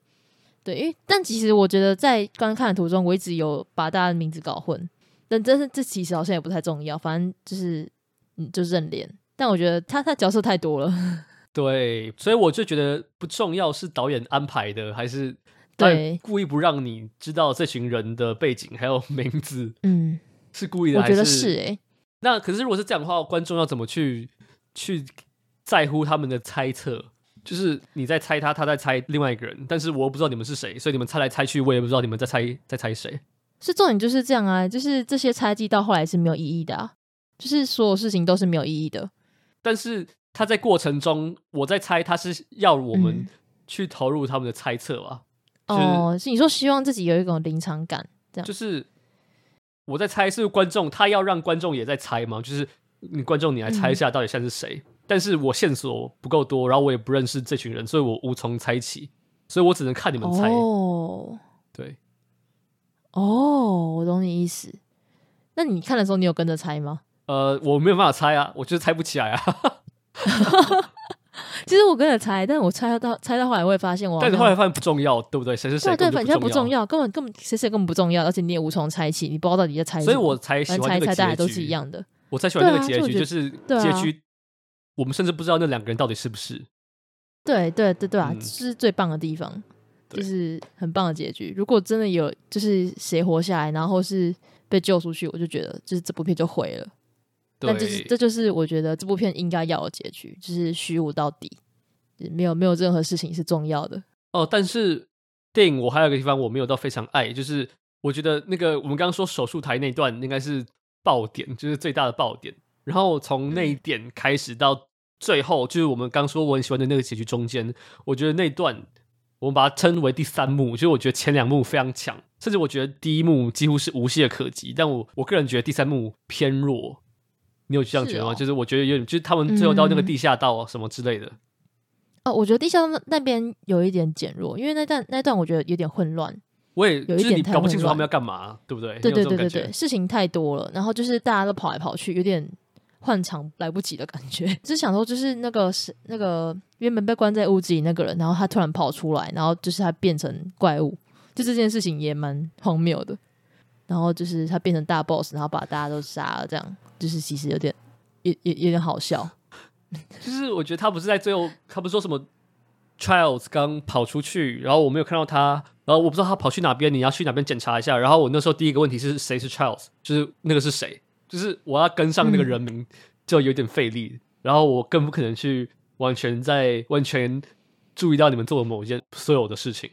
對，因為但其實我覺得在觀看的途中，我一直有把大家的名字搞混，但這是這其實好像也不太重要，反正就是嗯就是認臉。但我覺得他他角色太多了，對，所以我就覺得不重要，是導演安排的，還是對故意不讓你知道這群人的背景還有名字？嗯。是故意的，我覺得是哎、欸。那可是如果是這樣的話，觀眾要怎麼去去在乎他們的猜測？就是你在猜他，他在猜另外一個人，但是我又不知道你們是誰，所以你們猜來猜去，我也不知道你們在猜在猜誰。是重點就是這樣啊，就是這些猜忌到後來是沒有意義的，啊，就是所有事情都是沒有意義的。但是他在過程中，我在猜他是要我們去投入他們的猜測吧，嗯就是，哦，是你說希望自己有一種臨場感，這樣就是。我在猜，是，是觀眾，他要讓觀眾也在猜嗎？就是你觀眾，你來猜一下到底現在是誰、嗯？但是我線索不夠多，然後我也不認識這群人，所以我無從猜起，所以我只能看你們猜。哦、對，哦，我懂你意思。那你看的時候，你有跟着猜嗎？呃，我沒有辦法猜啊，我就是猜不起來啊。 (laughs) (laughs) 其實我跟着猜，但是我猜到猜到後來會發現我。但是後來發現不重要，對不對？誰是誰對、啊對啊，反正不重要，根本根本誰誰根本不重要，而且你也無從猜起，你不知道到底在猜。所以我才喜歡猜、這個結局，大家都是一樣的。我才喜歡那個結局，結局對啊、就、就是結局對、啊，我們甚至不知道那兩個人到底是不是。對對對對、對啊，這是最棒的地方對，就是很棒的結局。如果真的有，就是誰活下來，然後是被救出去，我就覺得就是這部片就毀了。但就是，這就是我覺得這部片應該要的結局，就是虛無到底，沒有沒有任何事情是重要的。哦，但是電影我還有一個地方我沒有到非常愛，就是我覺得那個我們剛剛說手術台那段應該是爆點，就是最大的爆點。然後從那一點開始到最後，嗯、就是我們剛剛說我很喜歡的那個結局中間，我覺得那段我們把它稱為第三幕，就是我覺得前兩幕非常強，甚至我覺得第一幕幾乎是無懈可擊。但我我個人覺得第三幕偏弱。你有這樣覺得嗎、哦？就是我覺得有點，就是他們最後到那個地下道什麼之類的。嗯、哦，我覺得地下那邊有一點減弱，因為那段那一段我覺得有點混亂。我也有一點搞不清楚他們要幹嘛，對不對？對對對對對，對，事情太多了，然後就是大家都跑來跑去，有點換場來不及的感覺。只 (laughs) 想說，就是那個是那個原本被關在屋子裡那個人，然後他突然跑出來，然後就是他變成怪物，就這件事情也蠻荒謬的。然後就是他變成大 boss，然後把大家都殺了，這樣。就是其實有點，有有有點好笑。就是我覺得他不是在最後，他不是說什麼。Childs 剛跑出去，然後我沒有看到他，然後我不知道他跑去哪邊，你要去哪邊檢查一下。然後我那時候第一個問題是誰是 Childs，就是那個是誰，就是我要跟上那個人名，就有點費力，嗯。然後我更不可能去完全在完全注意到你們做的某一件所有的事情。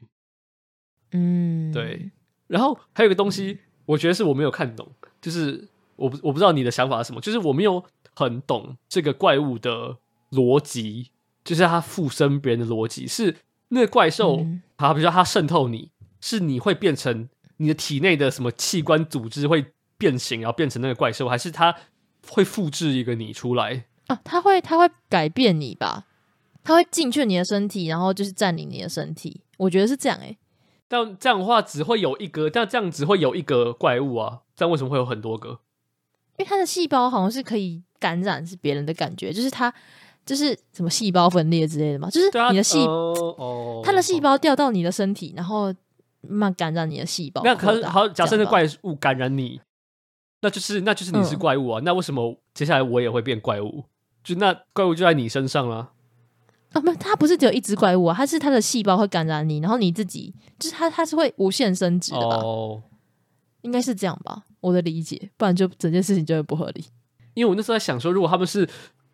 嗯，對。然後還有一個東西，我覺得是我沒有看懂，就是。我不我不知道你的想法是什麼，就是我沒有很懂這個怪物的邏輯，就是它附身別人的邏輯是那個怪獸，好、嗯啊、比如說它滲透你是你會變成你的體內的什麼器官組織會變形，然後變成那個怪獸，還是它會複製一個你出來啊？它會它會改變你吧？它會進去你的身體，然後就是佔領你的身體。我覺得是這樣誒、欸。但這樣的話只會有一個，但這樣只會有一個怪物啊，這樣為什麼會有很多個？因為它的細胞好像是可以感染是別人的感覺，就是它就是什麼細胞分裂之類的嘛，就是你的細哦、啊呃，它的細胞掉到你的身體，然後慢、慢感染你的細胞。那可好？假設那怪物感染你，那就是那就是你是怪物啊、嗯？那為什麼接下來我也會變怪物？就那怪物就在你身上了啊？不，它不是只有一隻怪物啊，它是它的細胞會感染你，然後你自己就是它，它是會無限生殖的吧？哦、應該是這樣吧？我的理解，不然就整件事情就會不合理。因為我那時候在想說，如果他不是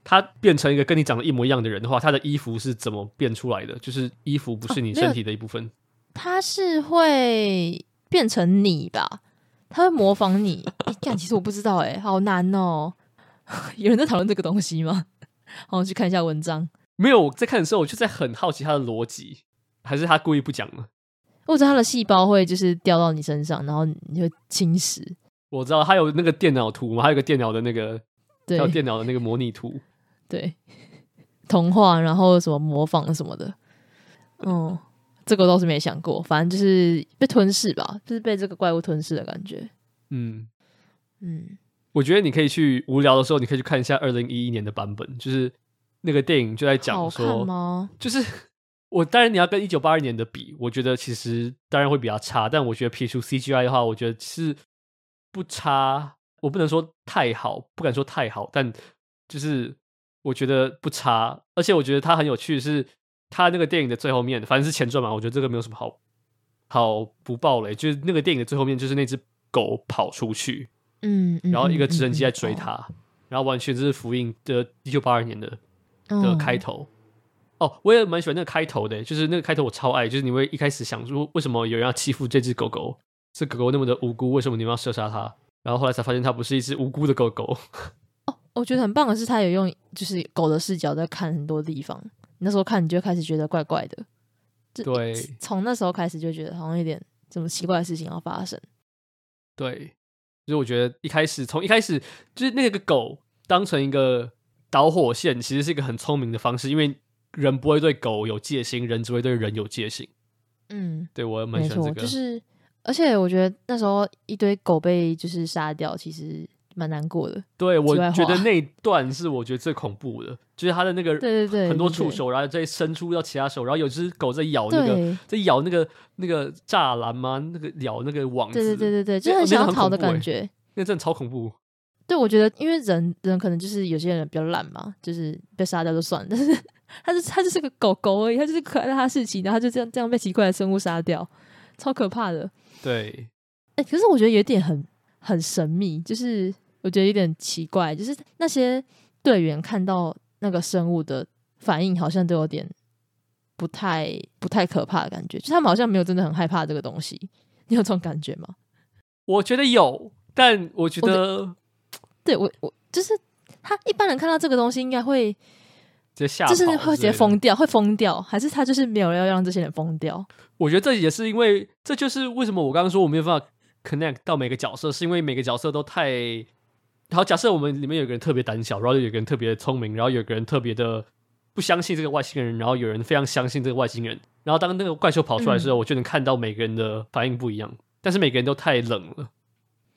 他變成一個跟你長得一模一樣的人的話，他的衣服是怎麼變出來的？就是衣服不是你身體的一部分，啊、他是會變成你吧？他會模仿你。你看、欸，其實我不知道、欸，哎，好難哦、喔。 (laughs) 有人在討論這個東西嗎？好，我去看一下文章。沒有，我在看的時候我就在很好奇他的邏輯，還是他故意不講呢？或者他的細胞會就是掉到你身上，然後你就侵蝕？我知道，他有那個電腦圖嘛，還有個電腦的那個有電腦的那個模擬圖，對，同化，然後什麼模仿什麼的，哦、嗯，這個我倒是沒想過。反正就是被吞噬吧，就是被這個怪物吞噬的感覺。嗯嗯，我覺得你可以去無聊的時候，你可以去看一下二零一一年的版本，就是那個電影就在講說好嗎，就是我當然你要跟一九八二年的比，我覺得其實當然會比較差，但我覺得譬如 C G I 的話，我覺得是。不差，我不能說太好，不敢說太好，但就是我覺得不差。而且我覺得它很有趣的是，是它那個電影的最後面，反正是前傳嘛。我覺得這個沒有什麼好，好不爆雷，就是那個電影的最後面，就是那隻狗跑出去，嗯，然後一個直升機在追它，嗯嗯嗯嗯哦，然後完全就是福音的一九八二年的的開頭哦。哦，我也蠻喜歡那個開頭的，就是那個開頭我超愛，就是你會一開始想說為什麼有人要欺負這隻狗狗。這狗狗那麼的無辜，為什麼你們要射殺它？然後後來才發現它不是一只無辜的狗狗。哦，我覺得很棒的是，它有用，就是狗的視角在看很多地方。你那時候看，你就開始覺得怪怪的。對，從那時候開始就覺得好像有點什麼奇怪的事情要發生。對，就是我覺得一開始從一開始就是那個狗當成一個導火線，其實是一個很聰明的方式，因為人不會對狗有戒心，人只會對人有戒心。嗯，對我蠻沒錯，這個、就是。而且我覺得那時候一堆狗被就是殺掉，其實蠻難過的。對，我覺得那一段是我覺得最恐怖的，就是它的那個對對對，很多觸手，然後再伸出到其他手，然後有隻狗在咬那個對對對對對對在咬那個那個柵欄嘛，那個咬那個網對，對對對對，就很想逃的感覺。那真的超恐怖。對，我覺得，因為人人可能就是有些人比較懶嘛，就是被殺掉就算了，但是它就它、是、就是個狗狗而已，它就是可愛的哈士奇，然後就這樣這樣被奇怪的生物殺掉，超可怕的。對，哎、欸，可是我覺得有點很很神秘，就是我覺得有點奇怪，就是那些隊員看到那個生物的反應，好像都有點不太不太可怕的感覺，就是、他們好像沒有真的很害怕這個東西，你有這種感覺嗎？我覺得有，但我覺得，我覺得對我我就是他一般人看到這個東西應該會。就是會直接瘋掉，會瘋掉，還是他就是沒有要讓這些人瘋掉？我覺得這也是因為，這就是為什麼我剛剛說我沒有辦法 connect 到每個角色，是因為每個角色都太……好、然後假設我們裡面有個人特別膽小，然後有個人特別聰明，然後有個人特別的不相信這個外星人，然後有人非常相信這個外星人，然後當那個怪獸跑出來的時候，我就能看到每個人的反應不一樣，嗯、但是每個人都太冷了。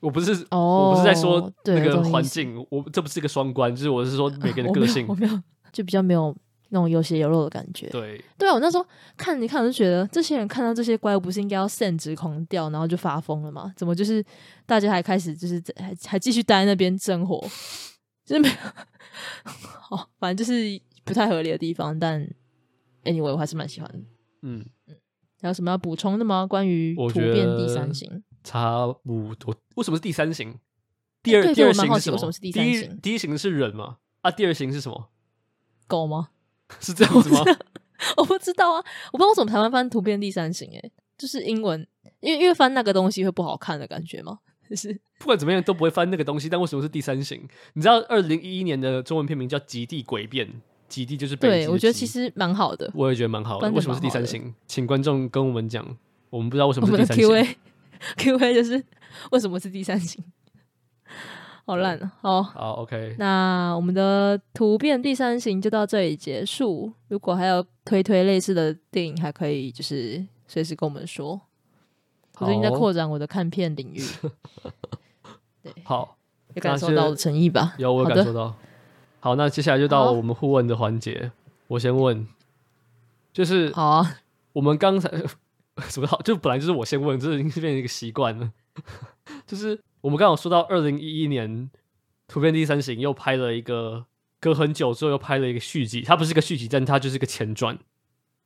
我不是，哦、我不是在說那個環境，這個、我這不是一個雙關，就是我是說每個人的個性。呃就比較沒有那種有血有肉的感覺，對，對、啊，對，我那時候看一看我就覺得，這些人看到這些怪物，不是應該要 SAN 值狂掉，然後就發瘋了嗎？怎麼就是大家還開始就是在還還繼續待在那邊生活？就是沒有， (laughs) 哦，反正就是不太合理的地方。但 anyway 我還是蠻喜歡的，嗯嗯，還有什麼要補充的嗎？關於突變第三型，差不多。為什麼是第三型？第二、欸、對對對，第二型是什麼？蠻好奇為什麼是第三型？第一第一型是人嗎？啊，第二型是什麼？夠嗎？是這樣子嗎？我？我不知道啊，我不知道為什麼台灣翻突變第三型，欸，哎，就是英文，因為，因為翻那個東西會不好看的感覺嘛？就是不管怎麼樣都不會翻那個東西，但為什麼是第三型？你知道二零一一年的中文片名叫《極地詭變》，極地就是極、極對，我覺得其實蠻好的，我也覺得蠻好、好的。為什麼是第三型？請觀眾跟我們講，我們不知道為什麼是第三型。Q A Q A (laughs) 就是為什麼是第三型？好爛哦、啊，好，好，OK。那我們的突變第三型就到這裡結束。如果還有推推類似的電影，還可以就是隨時跟我們說。我正、就是、在擴展我的看片領域。 (laughs) 對，好，也感受到我的誠意吧。有，我有感受到好。好，那接下來就到我們互問的環節。我先問，就是，好、啊，我們剛才怎 (laughs) 麼好？就本來就是我先問，這已經是變成一個習慣了，就是。我們剛剛有說到，二零一一年《突變第三型》又拍了一個，隔很久之後又拍了一個續集。它不是一個續集，但它就是一個前傳，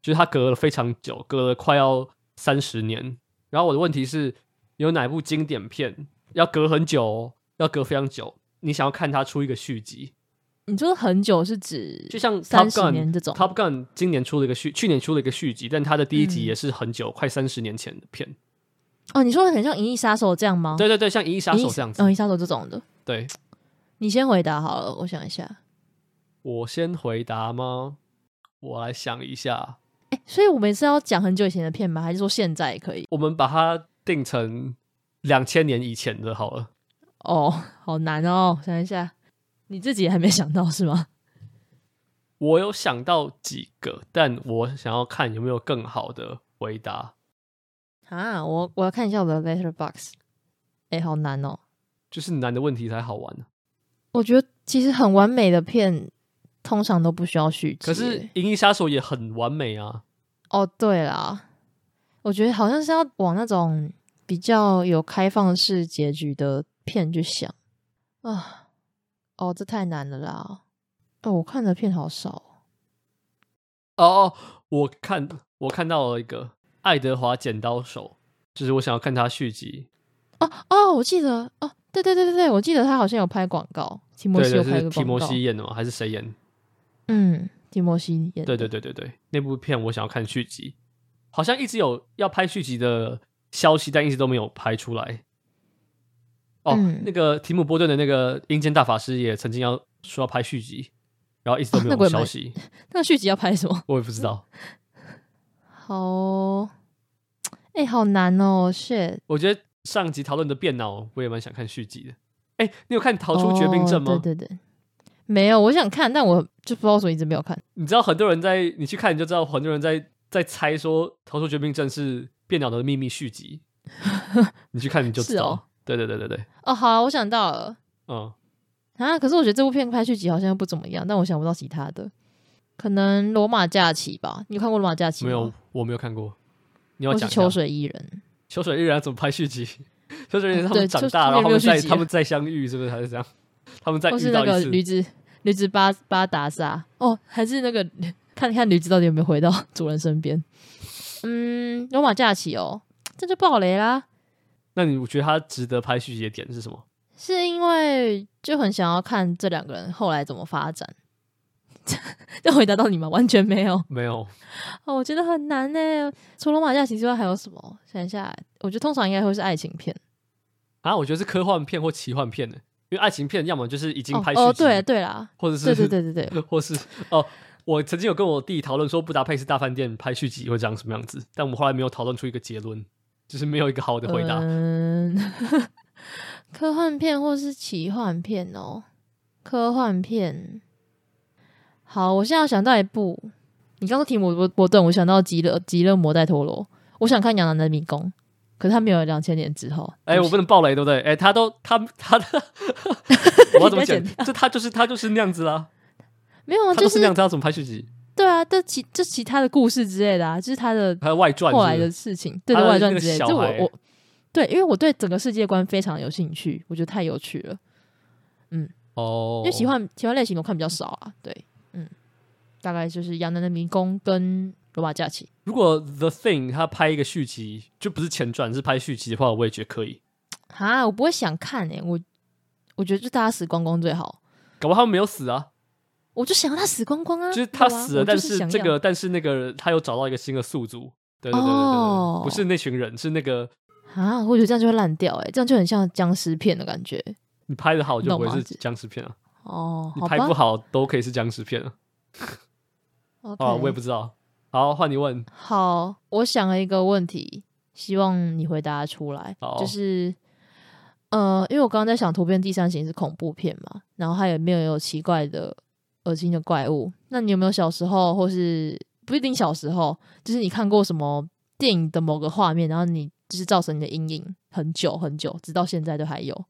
就是它隔了非常久，隔了快要三十年。然後我的問題是，有哪部經典片要隔很久，要隔非常久，你想要看它出一個續集？你說很久是指就像三十年這種？就像 Top Gun，Top Gun 今年出了一個續，去年出了一個續集，但它的第一集也是很久，嗯、快三十年前的片。哦，你說的很像《銀翼殺手》這樣嗎？對對對，像《銀翼殺手》這樣子，哦，《銀翼殺手》這種的。對，你先回答好了，我想一下。我先回答嗎？我來想一下。哎、欸，所以我們是要講很久以前的片嗎？還是說現在也可以？我們把它定成兩千年以前的好了。哦，好難哦，想一下，你自己還沒想到是嗎？我有想到幾個，但我想要看有沒有更好的回答。啊，我我要看一下我的 Letterboxd，誒、欸，好難哦！就是難的問題才好玩呢。我覺得其實很完美的片，通常都不需要續集。可是《銀翼殺手》也很完美啊。哦，對啦，我覺得好像是要往那種比較有開放式結局的片去想啊。哦，這太難了啦。哦，我看的片好少。哦哦，我看我看到了一個。愛德華剪刀手，就是我想要看他續集。哦、啊、哦，我記得哦、啊，對對對對，我記得他好像有拍廣告，提摩西，對對對，提摩西演的嗎？還是誰演？嗯，提摩西演。對對對對對，那部片我想要看續集，好像一直有要拍續集的消息，但一直都沒有拍出來。哦，嗯、那個提姆波頓的那個陰間大法師也曾經要說要拍續集，然後一直都沒有消息。哦、那個那續集要拍什麼？我也不知道。好，哎，好難哦！是，我覺得上集討論的變腦，我也蠻想看續集的。哎、欸，你有看《逃出絕命鎮》嗎？Oh, 對對對，沒有，我想看，但我就不知道說一直沒有看。你知道很多人在，你去，多人在，在 (laughs) 你去看你就知道，很多人在在猜說《逃出絕命鎮》是變腦的秘密續集。你去看你就知道。對對對對對。哦、oh，好、啊，我想到了。嗯啊，可是我覺得這部片拍續集好像又不怎麼樣，但我想不到其他的。可能《羅馬假期》吧？你有看過《羅馬假期》嗎？沒有，我沒有看過。你要講《秋水伊人》。《秋水伊人》怎麼拍續集？《秋水伊人》他們長大，嗯，然後他們在他們再相遇，是不是還是這樣？他們在遇到一次？或是那個驢子，驢子巴，巴達薩哦，還是那個看看驢子到底有沒有回到主人身邊？嗯，《羅馬假期》哦哦，這就爆雷啦。那你，我覺得他值得拍續集的點是什麼？是因為就很想要看這兩個人後來怎麼發展。要 (laughs) 回答到你嗎？完全沒有， (laughs) 沒有。Oh, 我覺得很難呢。除了馬家情之外，還有什麼？想一下，我覺得通常應該會是愛情片啊。我覺得是科幻片或奇幻片呢，因為愛情片要麼就是已經拍哦，哦，對了對啦，或者是對對對對對，或是哦，我曾經有跟我弟討論說《布達佩斯大飯店》拍續集會長什麼樣子，但我們後來沒有討論出一個結論，就是沒有一個好的回答。嗯、 (laughs) 科幻片或是奇幻片哦，科幻片。好，我現在想到一部，你剛剛提姆波波頓，我想到《吉勒吉勒摩戴托羅》，我想看《羊男的迷宮》，可是他沒有兩千年之後。哎、欸，我不能爆雷，對不對？哎、欸，他都他他，他他 (laughs) 我要怎麼講剪？就他就是他就是那樣子啦，沒有啊，就是、是那樣子。他怎麼拍續集？對啊，這其這其他的故事之類的啊，就是他的他的外傳，後來的事情，對的外傳之類。就我我，對，因為我對整個世界觀非常有興趣，我覺得太有趣了。嗯，哦、oh.，因為奇幻奇幻類型我看比較少啊，對。大概就是《羊男的迷宮》跟《羅馬假期》。如果《The Thing》他拍一個續集，就不是前傳，是拍續集的話，我也覺得可以。哈，我不會想看，哎、欸，我我覺得就大家死光光最好。搞不好他們沒有死啊！我就想要他死光光啊！就是他死了，啊、但是，是這個，但是那個，他又找到一個新的宿主。對對對對，對，對，對、oh. 不是那群人，是那個。啊，我覺得這樣就會爛掉，哎、欸，這樣就很像殭屍片的感覺。你拍的好就不會是殭屍片啊。哦、那個，oh, 你拍不好都可以是殭屍片了、啊。 (laughs) 哦、okay. oh,，我也不知道。好，換你問。好，我想了一個問題，希望你回答出來。Oh. 就是，呃，因為我剛剛在想，突變第三型是恐怖片嘛，然後它有沒有有奇怪的、噁心的怪物？那你有沒有小時候，或是不一定小時候，就是你看過什麼電影的某個畫面，然後你就是造成你的陰影，很久很久，直到現在都還有？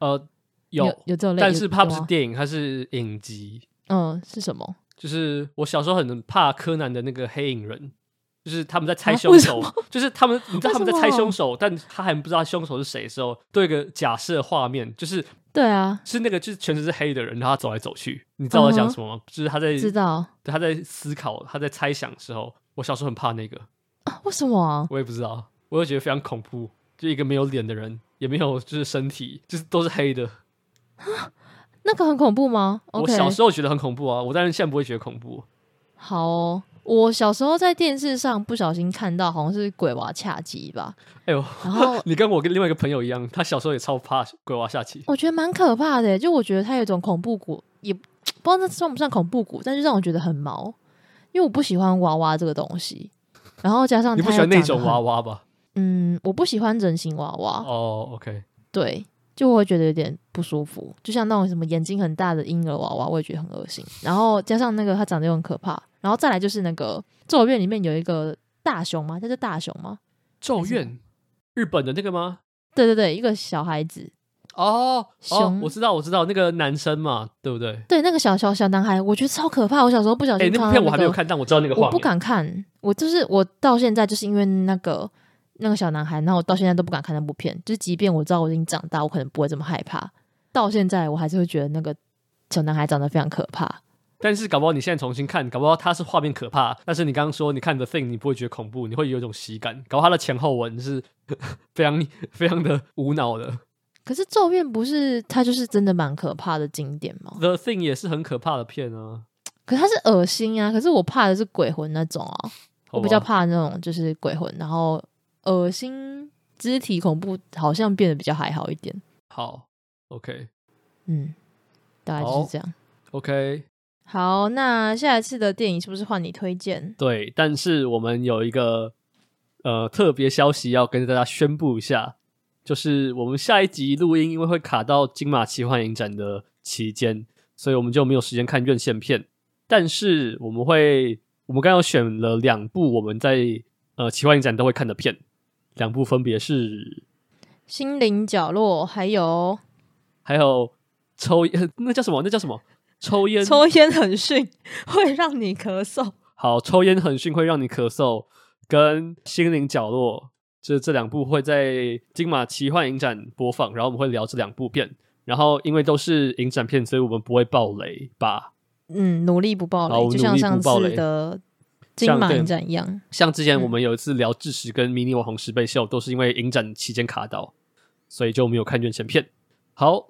呃、uh,，有有這種類，但是它不是電影，它是影集。嗯，是什麼？就是我小時候很怕柯南的那個黑影人，就是他們在猜凶手、啊，就是他們你知道他們在猜凶手、啊，但他還不知道凶手是誰的時候，都有個假設畫面，就是對啊，是那個就是全身是黑的人，然後他走來走去，你知道我在講什麼嗎？Uh -huh, 就是他在知道，對，他在思考，他在猜想的時候，我小時候很怕那個啊，為什麼啊？我也不知道，我就覺得非常恐怖，就一個沒有臉的人，也沒有就是身體，就是都是黑的 (laughs) 那個很恐怖嗎？Okay. 我小時候覺得很恐怖啊，我但是現在不會覺得恐怖。好哦，我小時候在電視上不小心看到，好像是鬼娃恰吉吧？哎呦！然後你跟我跟另外一個朋友一樣，他小時候也超怕鬼娃恰吉。我覺得蠻可怕的欸，就我覺得它有一種恐怖谷，也不知道這算不算恐怖谷，但是讓我覺得很毛，因為我不喜歡娃娃這個東西。然後加上你不喜歡那種娃娃吧？嗯，我不喜歡人形娃娃。哦，OK，對。就會覺得有點不舒服，就像那種什麼眼睛很大的嬰兒娃娃，我也覺得很噁心。然後加上那個他長得又很可怕，然後再來就是那個《咒怨》裡面有一個大熊嗎？叫做大熊嗎？咒怨日本的那個嗎？對對對，一個小孩子哦，oh, 熊，oh, 我知道，我知道那個男生嘛，對不對？對，那個小小小男孩，我覺得超可怕。我小時候不小心看、那個欸，那部、個、片我還沒有看，但我知道那個畫面，我不敢看。我就是我到現在就是因為那個。那個小男孩，那我到現在都不敢看那部片。就是、即便我知道我已經長大，我可能不會這麼害怕。到現在，我還是會覺得那個小男孩長得非常可怕。但是，搞不好你現在重新看，搞不好他是畫面可怕。但是你剛剛說你看 The Thing，你不會覺得恐怖，你會有一種喜感。搞不好他的前後文是 (laughs) 非常非常的無腦的。可是，咒怨不是他，就是真的蠻可怕的經典嗎？The Thing 也是很可怕的片啊。可是他是噁心啊。可是我怕的是鬼魂那種啊，我比較怕那種就是鬼魂，然後。噁心肢體恐怖好像變得比較還好一點。好，OK，嗯，大概就是這樣。好，OK，好，那下一次的電影是不是換你推薦？對，但是我們有一個呃特別消息要跟大家宣布一下，就是我們下一集錄音因為會卡到金馬奇幻影展的期間，所以我們就沒有時間看院線片。但是我們會，我們剛剛選了兩部我們在呃奇幻影展都會看的片。兩部分別是《心靈角落》還，還有還有抽那叫什麼？那叫什麼？抽煙抽煙很遜，會讓你咳嗽。好，抽煙很遜會讓你咳嗽，跟《心靈角落》就是、這兩部會在金馬奇幻影展播放，然後我們會聊這兩部片，然後因為都是影展片，所以我們不會爆雷吧？嗯，努力不爆雷，爆雷就像上次的。像金馬影展一樣，像之前我們有一次聊《巨石》跟《迷你網紅十倍秀》嗯，都是因為影展期間卡到，所以就沒有看完整片。好，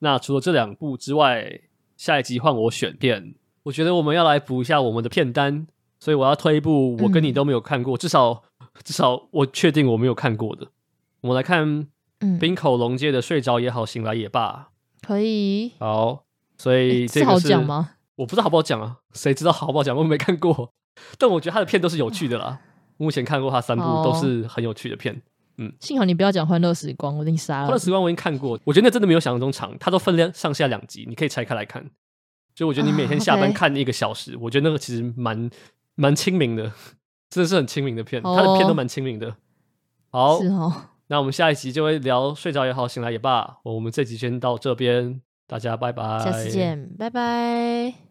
那除了這兩部之外，下一集換我選片。我覺得我們要來補一下我們的片單，所以我要推一部我跟你都沒有看過，嗯、至少至少我確定我沒有看過的。我們來看《濱、嗯、口龍介的睡着也好，醒來也罷》。可以。好，所以這個是？欸、好講嗎？我不知道好不好講啊？誰知道好不好講？我沒看過。但我覺得他的片都是有趣的啦，嗯、我目前看過他三部、哦、都是很有趣的片。嗯，幸好你不要講《歡樂時光》，我已經殺了。《歡樂時光》我已經看過，我覺得那真的沒有想象中長，它都分量上下兩集，你可以拆開來看。所以我覺得你每天下班看一個小時，啊 okay、我覺得那個其實蠻蠻親民的，真的是很親民的片、哦，他的片都蠻親民的。好、哦，那我們下一集就會聊睡着也好，醒來也罷。我們這集先到這邊，大家拜拜，下次見，拜拜。